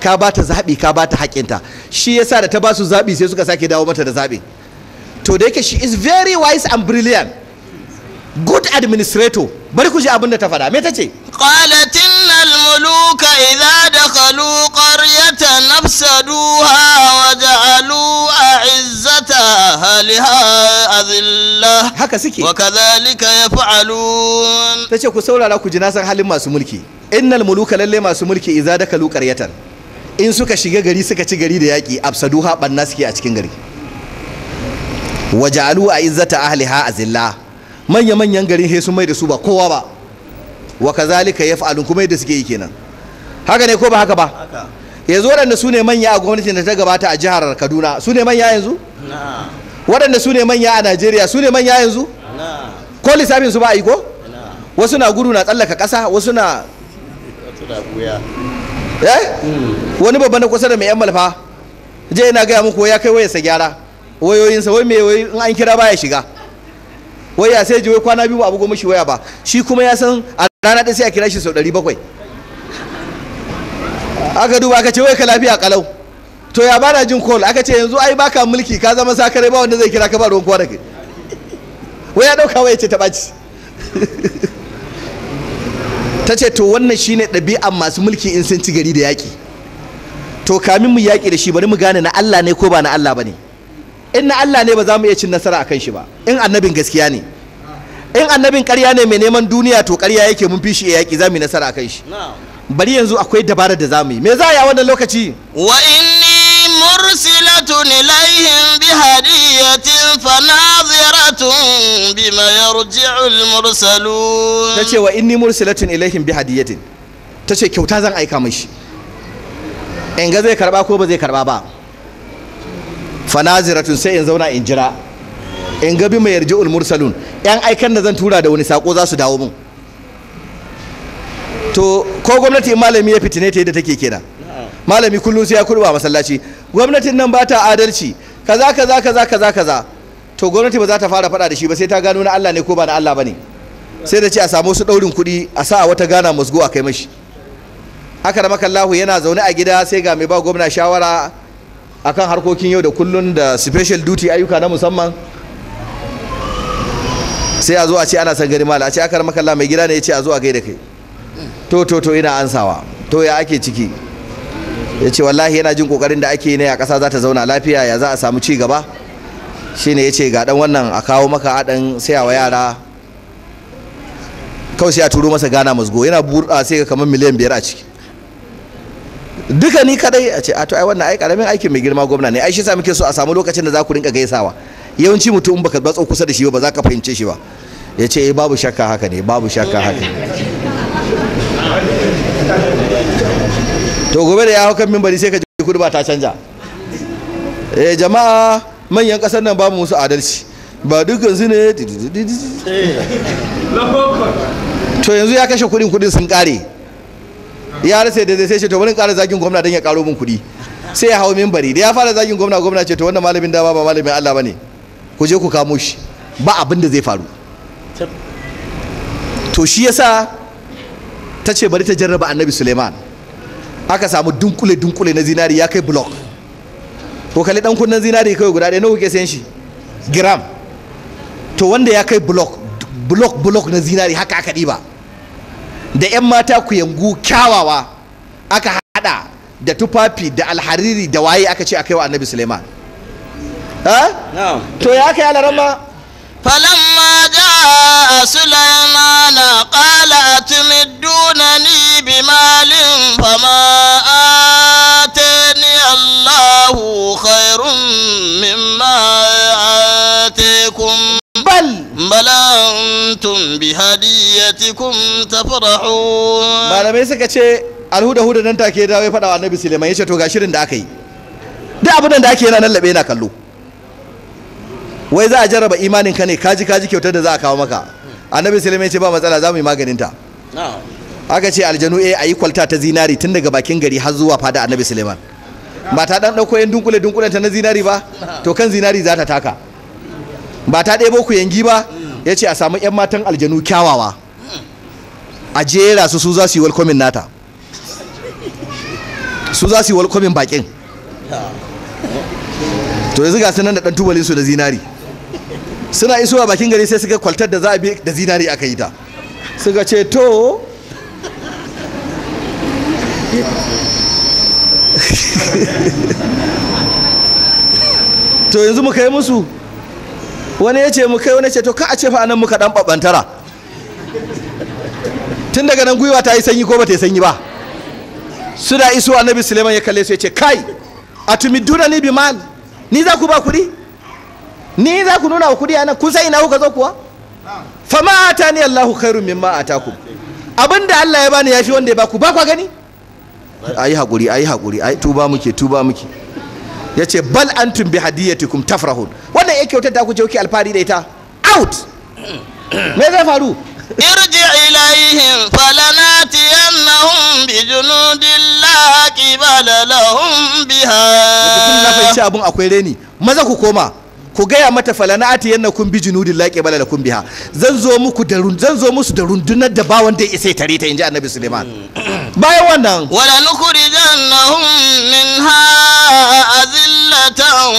Speaker 4: ka bata zaɓi ka bata haƙinta shi yasa da ta ba su zaɓi sai suka sake dawo mata da zaɓi to da yake shi is very wise and brilliant good administrator bari ku ji abin da ta faɗa me ta ce
Speaker 3: قالت إن الملوك إذا دخلوا قرية نفسدوها وجعلوا أعزة أهلها azilla haka suke wa
Speaker 4: kadhalika yaf'alun tace ku saurara ku ji na san halin masu mulki innal muluka lalle masu mulki idza dakalu qaryatan in suka shiga gari suka ci gari da yaki ha banna suke a cikin gari waja'alu a izzata ahliha azilla manya manyan garin he sun mai da su ba kowa ba wa kadhalika yaf'alun kuma yadda suke yi kenan haka ne ko ba haka ba yanzu waɗanda su ne manya a gwamnatin da ta gabata a jihar kaduna su ne manya yanzu waɗanda su ne manya a najeriya su ne manya yanzu ko lissafin su ba a yi ko wasu na gudu na tsallaka ƙasa wasu na eh? hmm. wani babban na kusa da mai yan malfa je yana gaya muku ya kai wayarsa gyara wayoyinsa wai mai wayoyin an kira baya shiga wai ya sai ji wai kwana biyu ba abu goma shi waya ba shi kuma ya san a rana ɗin sai a kira shi sau ɗari bakwai aka duba aka ce wai ka lafiya kalau to ya bada jin kol? aka ce yanzu ai baka mulki ka zama sakare ba wanda zai kira ka ba ruwan kowa da kai wai ya dauka wai ya ce ta ɓaci [LAUGHS] ta ce to wannan shine ɗabi'an masu mulki in sun ci gari da yaƙi to kamin mu yaƙi da shi bari mu gane na Allah ne ko ba na Allah ba ne in na Allah ne ba za mu iya cin nasara a kan shi ba in annabin gaskiya ne in annabin ƙarya ne mai neman duniya to ƙarya yake mun fi shi yaƙi za mu yi nasara a kan shi bari yanzu akwai dabarar da za mu yi me za a yi a wannan lokaci
Speaker 3: wa in إليهم بهدية فناظرة بما يرجع المرسلون تشي وإني مرسلة إليهم بهدية تشي
Speaker 4: كيوتا أي كامش مشي إن غزي كربا كوبا زي كربا فناظرة سي إن زونا إن جرا إن غبي ما يرجع المرسلون إن كان نزان تولا دوني ساقوزا زاسو تو to ko gwamnati malami ya fitine ta yadda malami kullum sai ya kurba masallaci gwamnatin nan ba ta adalci kaza kaza kaza kaza kaza to gwamnati ba za ta fara faɗa da shi ba sai ta gano na Allah ne ko ba na Allah ba ne sai da ce a samu su ɗaurin kuɗi a sa a wata gana musgo a kai mashi haka da makallahu yana zaune a gida sai ga mai ba gwamna shawara akan harkokin yau da kullun da special duty ayyuka na musamman sai a zo a ce ana san gari mala a ce aka makalla mai gida ne ya ce a zo a gaida kai to to to ina ansawa to ya ake ciki ya ce wallahi yana jin kokarin da ake ne a ƙasa za ta zauna lafiya ya za a samu ci gaba shine ya ce ga dan wannan a kawo maka adan saya wa yara kawai sai a turo masa gana mazgo yana burɗa sai ga kamar miliyan biyar a ciki duka ni kadai a ce a to ai wannan ai karamin aikin mai girma gwamna ne ai shi sa muke so a samu lokacin da za ku rinka gaisawa yawanci mutum baka batso kusa da shi ba za ka fahimce shi ba ya ce eh, babu shakka haka ne babu shakka haka ne to gobe da ya hau kan mimbari sai ka ji kudu ba ta canja eh jama'a manyan kasar nan ba mu musu adalci ba dukkan su ne to yanzu ya kashe kudin kudin sun kare ya rasa da zai sai ce to wani kara zagin gwamna don ya karo min kudi sai ya hau mimbari da ya fara zagin gwamna gwamna ce to wannan malamin dama ba malamin Allah bane ku je ku kamo shi ba abin da zai faru to shi yasa ta ce bari ta jarraba annabi Suleiman aka samu dunkule dunkule na zinari ya kai block to kalli dan kunnen zinari kai guda ɗaya nawa kuke sayan shi gram to wanda ya kai block block block na zinari haka aka ɗiba da 'yan mata ku yangu kyawawa aka hada da tufafi da alhariri da waye aka ce a annabi suleiman ha to ya kai alaran ma
Speaker 3: سليمان قال أتمدونني بمال فما آتاني الله خير مما آتيكم بل بل أنتم بهديتكم تفرحون malamai suka ce
Speaker 4: alhuda-huda nan take dawo ya faɗa wa annabi suleiman ya ce to ga shirin da aka yi duk abin da ake yana nan laɓe yana kallo wai za a jarraba imanin ka ne kaji kaji kyautar da za a kawo maka hmm. annabi sulaiman ya ce ba matsala za mu yi maganin ta aka ce aljanu eh ayi kwalta ta zinari tun daga bakin gari har zuwa fada annabi sulaiman ba ta dan dauko yan dunkule dunkulen ta na zinari ba to kan zinari za ta taka ba ta ɗebo ku yangi ba hmm. ya ce a samu yan matan aljanu kyawawa hmm. a jera su su za su yi welcoming nata su za su yi welcoming bakin to yanzu ga sanan da dan tubalin su da zinari suna isuwa bakin gari sai suka kwaltar da za a bi da zinari aka yi ta suka ce to [LAUGHS] to yanzu muka yi musu wani ya ce mu kai wani ce to ka a ce fa anan muka dan babantara tun daga nan gwiwa ta yi sanyi ko ba ta yi sanyi ba su da iso annabi suleiman ya kalle su ya ce kai a tumi duna ni bi mal ni za ku ba kuɗi ni za ku nuna wa kudi nan, kun sai ina kuka zo kuwa fa ma ni Allahu khairum mimma atakum abinda Allah ya bani yafi wanda ya baku ba kwa gani ayi hakuri ayi hakuri ayi tuba muke tuba muke yace bal antum bi hadiyatikum tafrahun wannan yake kyautar ta ku je alfari da ita out [COUGHS] me zai faru
Speaker 3: irji ilaihim falanatiyannahum bi junudin qibala lahum biha kun na fahimci abun
Speaker 4: akwai reni maza ku koma ku gaya mata falana ati yanna kun bi junudin laƙe bala kun biha zan zo muku da zan zo musu da rundunar da ba wanda ya sai tare ta inji annabi suleiman mm. bayan wannan wala
Speaker 3: min ha azillatan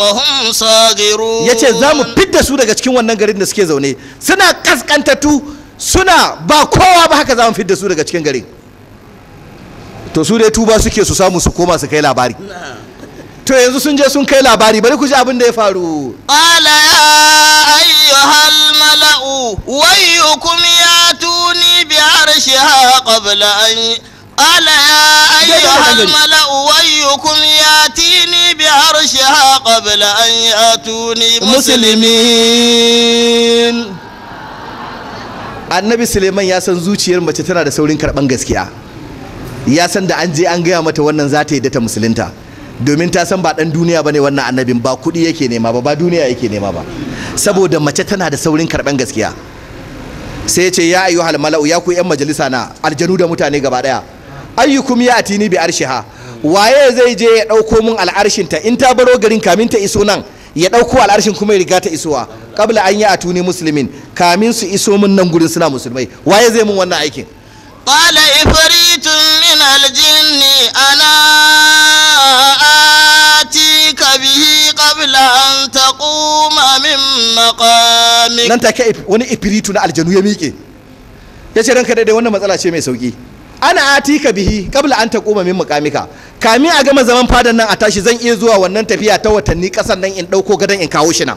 Speaker 3: wa hum sagirun yace
Speaker 4: zamu fidda su daga cikin wannan garin da suke zaune suna kaskantatu suna ba kowa ba haka zamu fidda su daga cikin garin to su dai tuba suke su samu su koma su kai labari to yanzu sun je sun kai labari bari ku ji abin da ya faru
Speaker 3: ala ayyuhal mala'u wayyukum tuni bi arshiha qabla an ala ayyuhal mala'u wayyukum tini bi arshiha qabla an yatuni muslimin
Speaker 4: annabi suleiman ya san zuciyar mace tana da saurin karban gaskiya ya san da an je an gaya mata wannan za ta yi data musulunta domin ta san ba dan duniya bane wannan annabin ba kuɗi yake nema ba ba duniya yake nema ba saboda mace tana da saurin karban gaskiya sai ya ce ya hal mala'u ya ku yan majalisa na aljanu da mutane gaba daya ayyukum ya atini bi arshiha waye zai je ya ɗauko mun al'arshin ta in ta baro garin kamin ta iso nan ya ɗauko al'arshin kuma ya riga ta isowa kabla an yi atuni musulmin kamin su iso mun nan gurin suna musulmai waye zai mun wannan aikin
Speaker 3: قال إفريت من الجن أنا qabla an taquma min maqamik nan take
Speaker 4: wani ifiritu na aljanu ya miƙe yace ranka daidai wannan matsala ce mai sauki ana atika bihi kabla an taquma min maqamika kamin a gama zaman fadan nan a tashi zan iya zuwa wannan tafiya ta watanni kasan nan in dauko gadon in kawo shi na.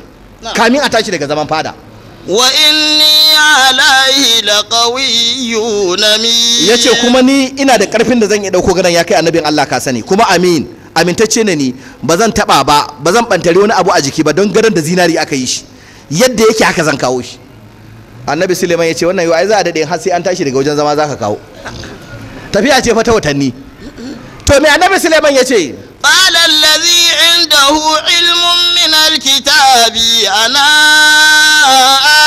Speaker 4: Kami a tashi daga zaman fada
Speaker 3: wa inni alaihi laqawiyyun
Speaker 4: Ya ce kuma ni ina da karfin da zan iya dauko gadon ya kai annabin Allah ka sani kuma amin amintacce ne ni ba zan taba ba ba zan bantare wani abu a jiki ba don gadon da zinari aka yi shi yadda yake haka zan kawo shi annabi suleiman ya ce wannan yau ai za a daɗe har sai an tashi daga wajen zama za ka kawo tafiya ce fa ta watanni to me annabi suleiman ya ce
Speaker 3: قال الذي عنده علم من الكتاب أنا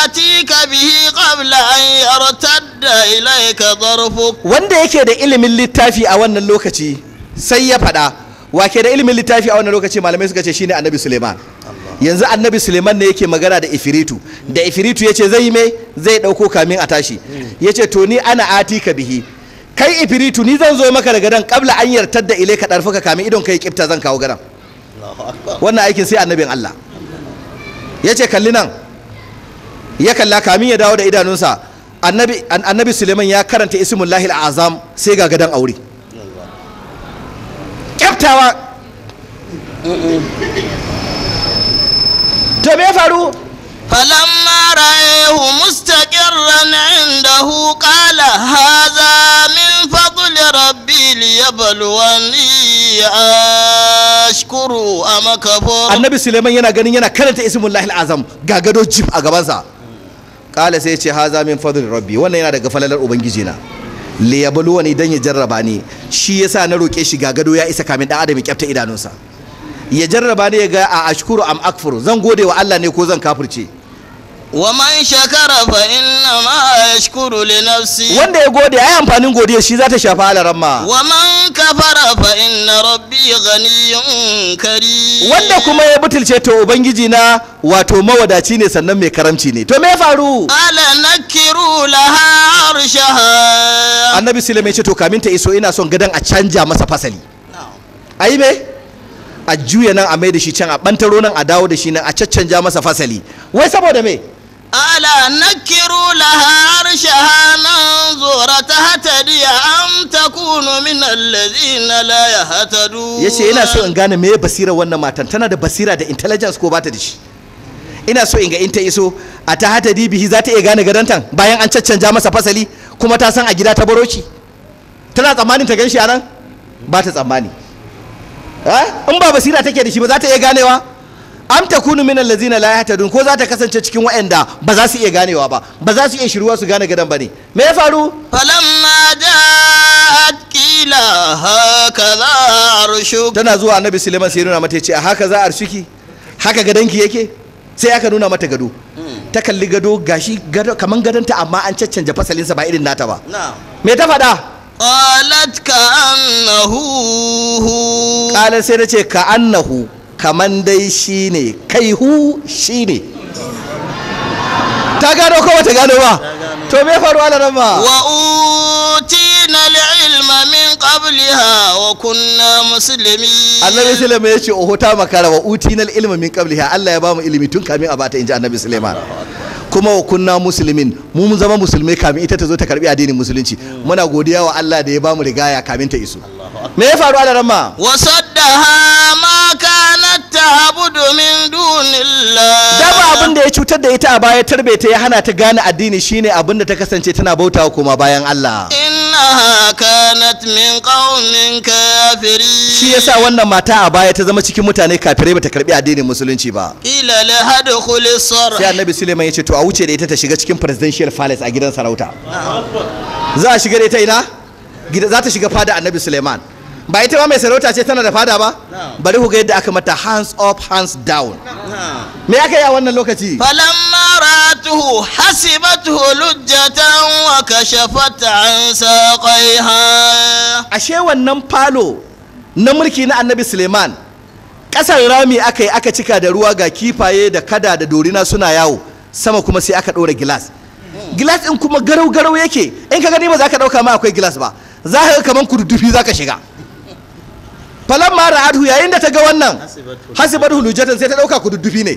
Speaker 3: آتيك به قبل أن يرتد إليك ظرفك
Speaker 4: wanda yake da ilimin littafi a wannan lokaci sai ya faɗa wake da ilimin littafi a wannan lokaci malamai suka ce shine annabi suleiman yanzu annabi suleiman ne yake magana da ifiritu da ifiritu ya ce zai mai zai ɗauko kamin a tashi ya ce to ni ana ati ka bihi kai ifiritu ni zan zo maka da gadon kabla an yartar da ile ka ɗarfuka kamin idon kai kifta zan kawo gadon. wannan aikin sai annabin allah ya ce kalli nan ya kalla kamin ya dawo da idanunsa annabi suleiman ya karanta ismullahi azam sai ga gadon aure
Speaker 2: kyaftawa
Speaker 3: to me faru falamma ra'ayahu mustaqirran indahu qala hadha min fadli rabbi liyabluwani ashkuru am kafur annabi
Speaker 4: suleiman yana ganin yana karanta ismullahi azam ga gado jib a gabansa qala sai ya ce hadha min fadli rabbi wannan yana daga falalar ubangiji na liyabluwa wani dan ya jarraba ni shi yasa na roke shi ga gado ya isa kamin dan adam ya kyafta idanunsa ya jarraba ne ya ga a ashkuru am akfuru zan gode wa Allah ne ko zan kafirce
Speaker 3: wa man shakara fa inna ma yashkuru li nafsi
Speaker 4: wanda ya gode yi amfanin godiya shi za ta shafa alaran ma wa
Speaker 3: man kafara fa inna rabbi ghaniyyun kari. wanda kuma ya
Speaker 4: butulce to ubangiji na wato mawadaci ne sannan mai karamci ne to me ya faru
Speaker 3: ala kiru lahar arshaha
Speaker 4: annabi sulaiman ce to kamin ta iso ina son gadan a canja masa fasali yi me a juya nan a mai da shi can a ɓantaro nan a dawo da shi nan a caccanja masa fasali wai saboda me
Speaker 3: ألا نكروا لها عرشها ننظر تهتدي أم تكون من الذين لا يهتدون
Speaker 4: yace ina so in gane meye basira wannan matan tana da basira da intelligence ko bata da shi ina so in ga in ta iso a ta hata bihi za ta iya gane garantan bayan an caccanja masa fasali kuma ta san a gida ta baroci. tana tsammanin ta gan shi a nan ba ta tsammani in ba basira take da shi ba za ta iya ganewa am takunu min allazina la yahtadun ko za ta kasance cikin waɗanda ba za su iya ganewa ba ba za su iya shiruwa su gane gadan bane me ya faru falamma ja'at za hakaza arshu tana zuwa annabi Suleiman sai nuna mata yace a haka za arshiki haka gadanki yake sai aka nuna mata gado ta kalli gado gashi kamar gadon ta amma an caccanja fasalinsa ba irin nata ba me ta faɗa
Speaker 3: qalat ka
Speaker 4: annahu sai ta ce ka kaman dai shi ne kaihu shi ne ta gano ko bata gano ba to me faru ala nan ba wa
Speaker 3: utina ilma min qabliha wa kunna muslimin
Speaker 4: annabi sulaiman yace oho ta makara wa utina ilma min qabliha Allah ya bamu ilimi tun kamin a bata inji annabi sulaiman kuma wa kunna muslimin mu mun zama musulmai kamin ita ta zo ta karbi addinin musulunci muna godiya wa Allah da ya bamu rigaya kamin ta iso me ya faru a nan ma wa
Speaker 3: Da ma kanat ta'budu min dunillah abin
Speaker 4: da ya cutar da ita a baya tarbe ta ya hana ta gane addini shi ne abin da ta kasance tana bauta kuma bayan Allah
Speaker 3: innaha kanat min qaumin kafiri
Speaker 4: shi yasa wannan mata a baya ta zama cikin mutane kafirai bata karbi addinin musulunci ba
Speaker 3: ila la hadkhul sar sai annabi
Speaker 4: Suleiman yace to a wuce da ita ta shiga cikin presidential palace a gidan sarauta za a shiga da ita ina za ta shiga fada annabi Suleiman ba ita ba mai sarauta ce tana da fada ba bari ku ga yadda aka mata hands up hands
Speaker 3: down me aka yi a wannan lokaci falamma hasibatuhu lujjatan wa kashafat an saqaiha ashe
Speaker 4: wannan falo na mulki na annabi suleiman kasar rami aka yi aka cika da ruwa ga kifaye da kada da dorina suna yawo sama kuma sai aka ɗora gilas hmm. gilas ɗin kuma garau garau yake in ka gani ba za ka ɗauka ma akwai gilas ba za ka kamar kududdufi za ka shiga falan mara adhu yayin da ta ga wannan hasibat hulujatan sai ta dauka kududdufi ne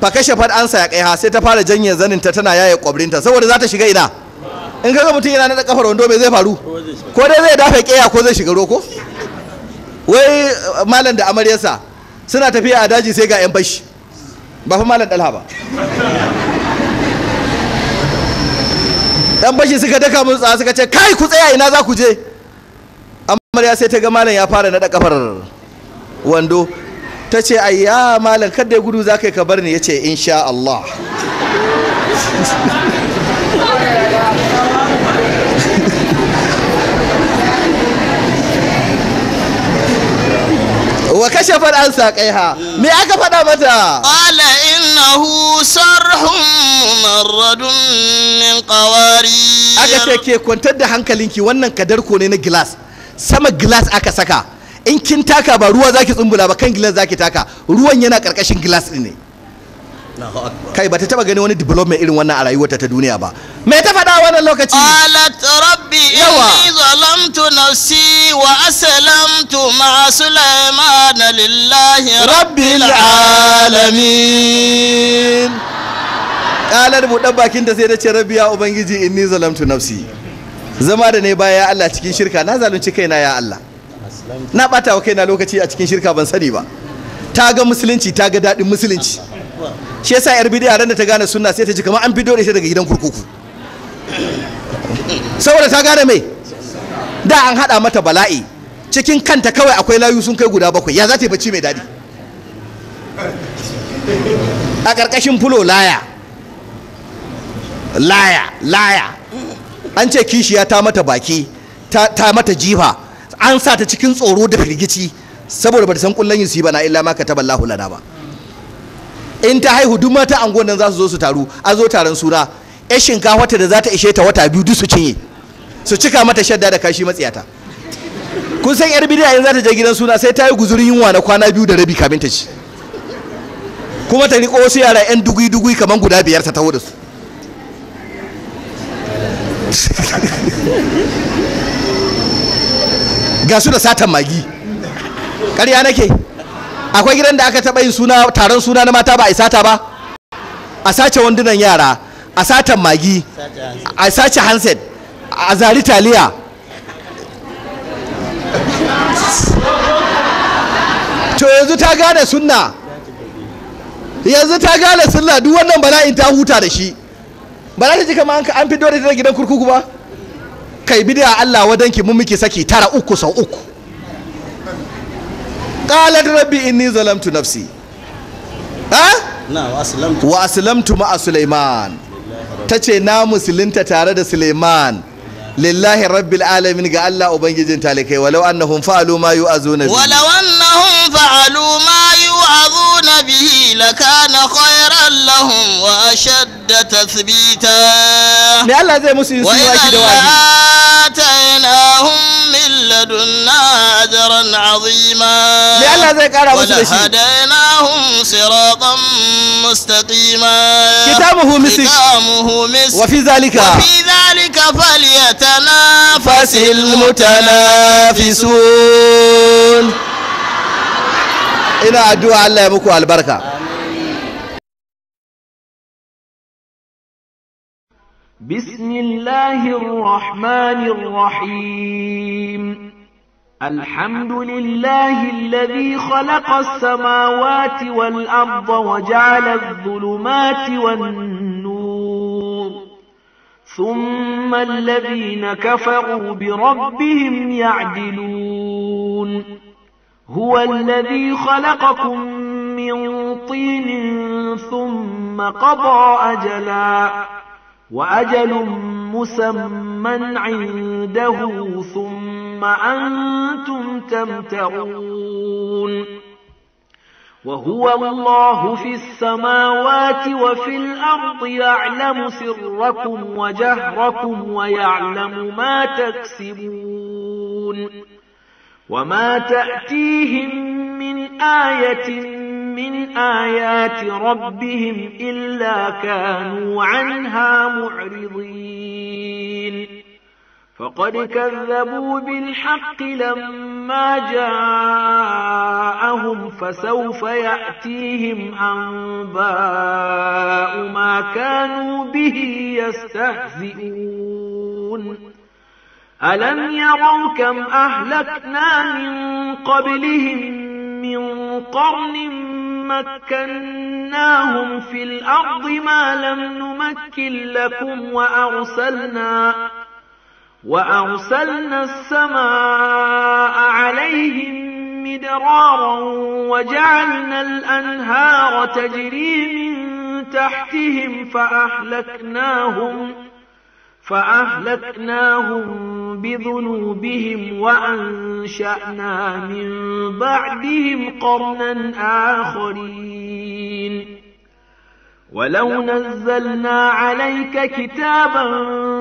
Speaker 4: fa kashe fad ansa ya kai ha sai ta fara janye zanin ta tana yaye kwabrinta saboda za ta shiga ina in kaga mutum yana nada kafar wando me zai faru ko dai zai dafa keya ko zai shiga roko wai eh, malam da amaryarsa suna tafiya a daji sai ga yan bashi ba fa malam dalha ba yan bashi suka daka mun tsaya suka ce kai ku tsaya ina za ku je amarya sai ta ga malam ya fara naɗa kafar wando ta ce ayya malam kada ya gudu za ka yi ka bar ni ya insha Allah wa kashe an saƙaiha me aka faɗa mata
Speaker 3: qala innahu sarhun maradun min
Speaker 4: qawari aka ce ke kwantar da hankalinki wannan kadarko ne na gilas sama glass aka saka in kin taka ba ruwa zaki tsumbula ba kan glass zaki taka ruwan yana karkashin glass din ne kai ba ta taba gani wani development irin wannan a rayuwarta ta duniya ba me ta faɗa wannan lokaci alat
Speaker 3: rabbi inni zalamtu nafsi wa aslamtu ma sulaiman lillahi rabbil
Speaker 4: alamin kalar budan bakin da sai ta ce rabbi ya ubangiji inni zalamtu nafsi zama da ne baya Allah cikin shirka na zalunci kaina ya Allah na bata wa kaina lokaci a cikin shirka ban sani ba ta ga musulunci ta ga daɗin musulunci shi yasa yar bidiya ran da ta gane sunna sai ta ji kamar an bido da shi daga gidan kurkuku saboda ta gane mai da an haɗa mata bala'i cikin kanta kawai akwai layu sun kai guda bakwai ya za ta yi bacci mai daɗi a ƙarƙashin fulo laya laya laya an ce kishiya ta mata baki ta mata jifa an sa ta cikin tsoro da firgici saboda ba ta san kullun yusi bana illa ma kataba Allahu lana ba in ta haihu duk mata angon nan za su zo su taru a zo taron suna yar shinkafa ta da za ta ishe ta wata biyu duk su cinye su cika mata shadda da kashi matsiyata kun san yar bidiya yanzu za ta je gidan suna sai ta yi guzurin yunwa na kwana biyu da rabi kamin ta ci kuma ta riƙo wasu yara 'yan dugui-dugui kamar guda biyar ta taho da su ga su da satan magi ƙarya nake akwai gidan da aka taɓa yin suna taron suna na mata ba a sata ba a sace wandunan yara a satan magi a sace hanset a zari taliya to yanzu ta gane sunna yanzu ta gane sunna duk wannan bala'in ta huta da shi ba za ta ji kama an fi da ta gidan kurkuku ba kai bi da Allah wadanki mun muke saki tara uku sau uku qalat rabbi inni zalamtu nafsi ha wa aslamtu ma'a Sulaiman tace na musulunta tare da Sulaiman lillahi rabbil alamin ga Allah ubangijin talikai walau annahum fa'alu ma yu'azuna bihi walau
Speaker 3: annahum fa'alu ma yu'azuna bihi lakana khayran lahum wa ashadda tathbita
Speaker 4: me Allah zai musu yin suwa ki da
Speaker 3: wani wa atainahum min ladunna أجرا عظيما ولهديناهم صراطا مستقيما كتابه مسك مسك وفي
Speaker 4: ذلك وفي
Speaker 3: ذلك فليتنافس
Speaker 4: المتنافسون إلى الدعاء الله يبكو muku
Speaker 1: بسم الله الرحمن الرحيم الحمد لله الذي خلق السماوات والأرض وجعل الظلمات والنور ثم الذين كفروا بربهم يعدلون هو الذي خلقكم من طين ثم قضى أجلا وأجل مسمى عنده ثم أنتم تمتعون وهو الله في السماوات وفي الأرض يعلم سركم وجهركم ويعلم ما تكسبون وما تأتيهم من آية من آيات ربهم إلا كانوا عنها معرضين فقد كذبوا بالحق لما جاءهم فسوف يأتيهم أنباء ما كانوا به يستهزئون ألم يروا كم أهلكنا من قبلهم من قرن مكناهم في الأرض ما لم نمكن لكم وأرسلنا وأرسلنا السماء عليهم مدرارا وجعلنا الأنهار تجري من تحتهم فأهلكناهم فأهلكناهم بذنوبهم وأنشأنا من بعدهم قرنا آخرين ولو نزلنا عليك كتابا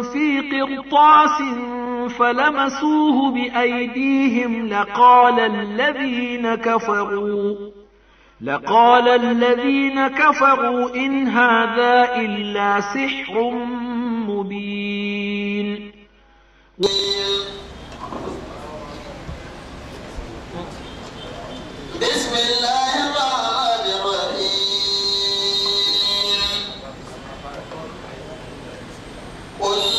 Speaker 1: في قرطاس فلمسوه بأيديهم لقال الذين كفروا لقال الذين كفروا إن هذا إلا سحر مبين بسم الله الرحمن
Speaker 3: Oi.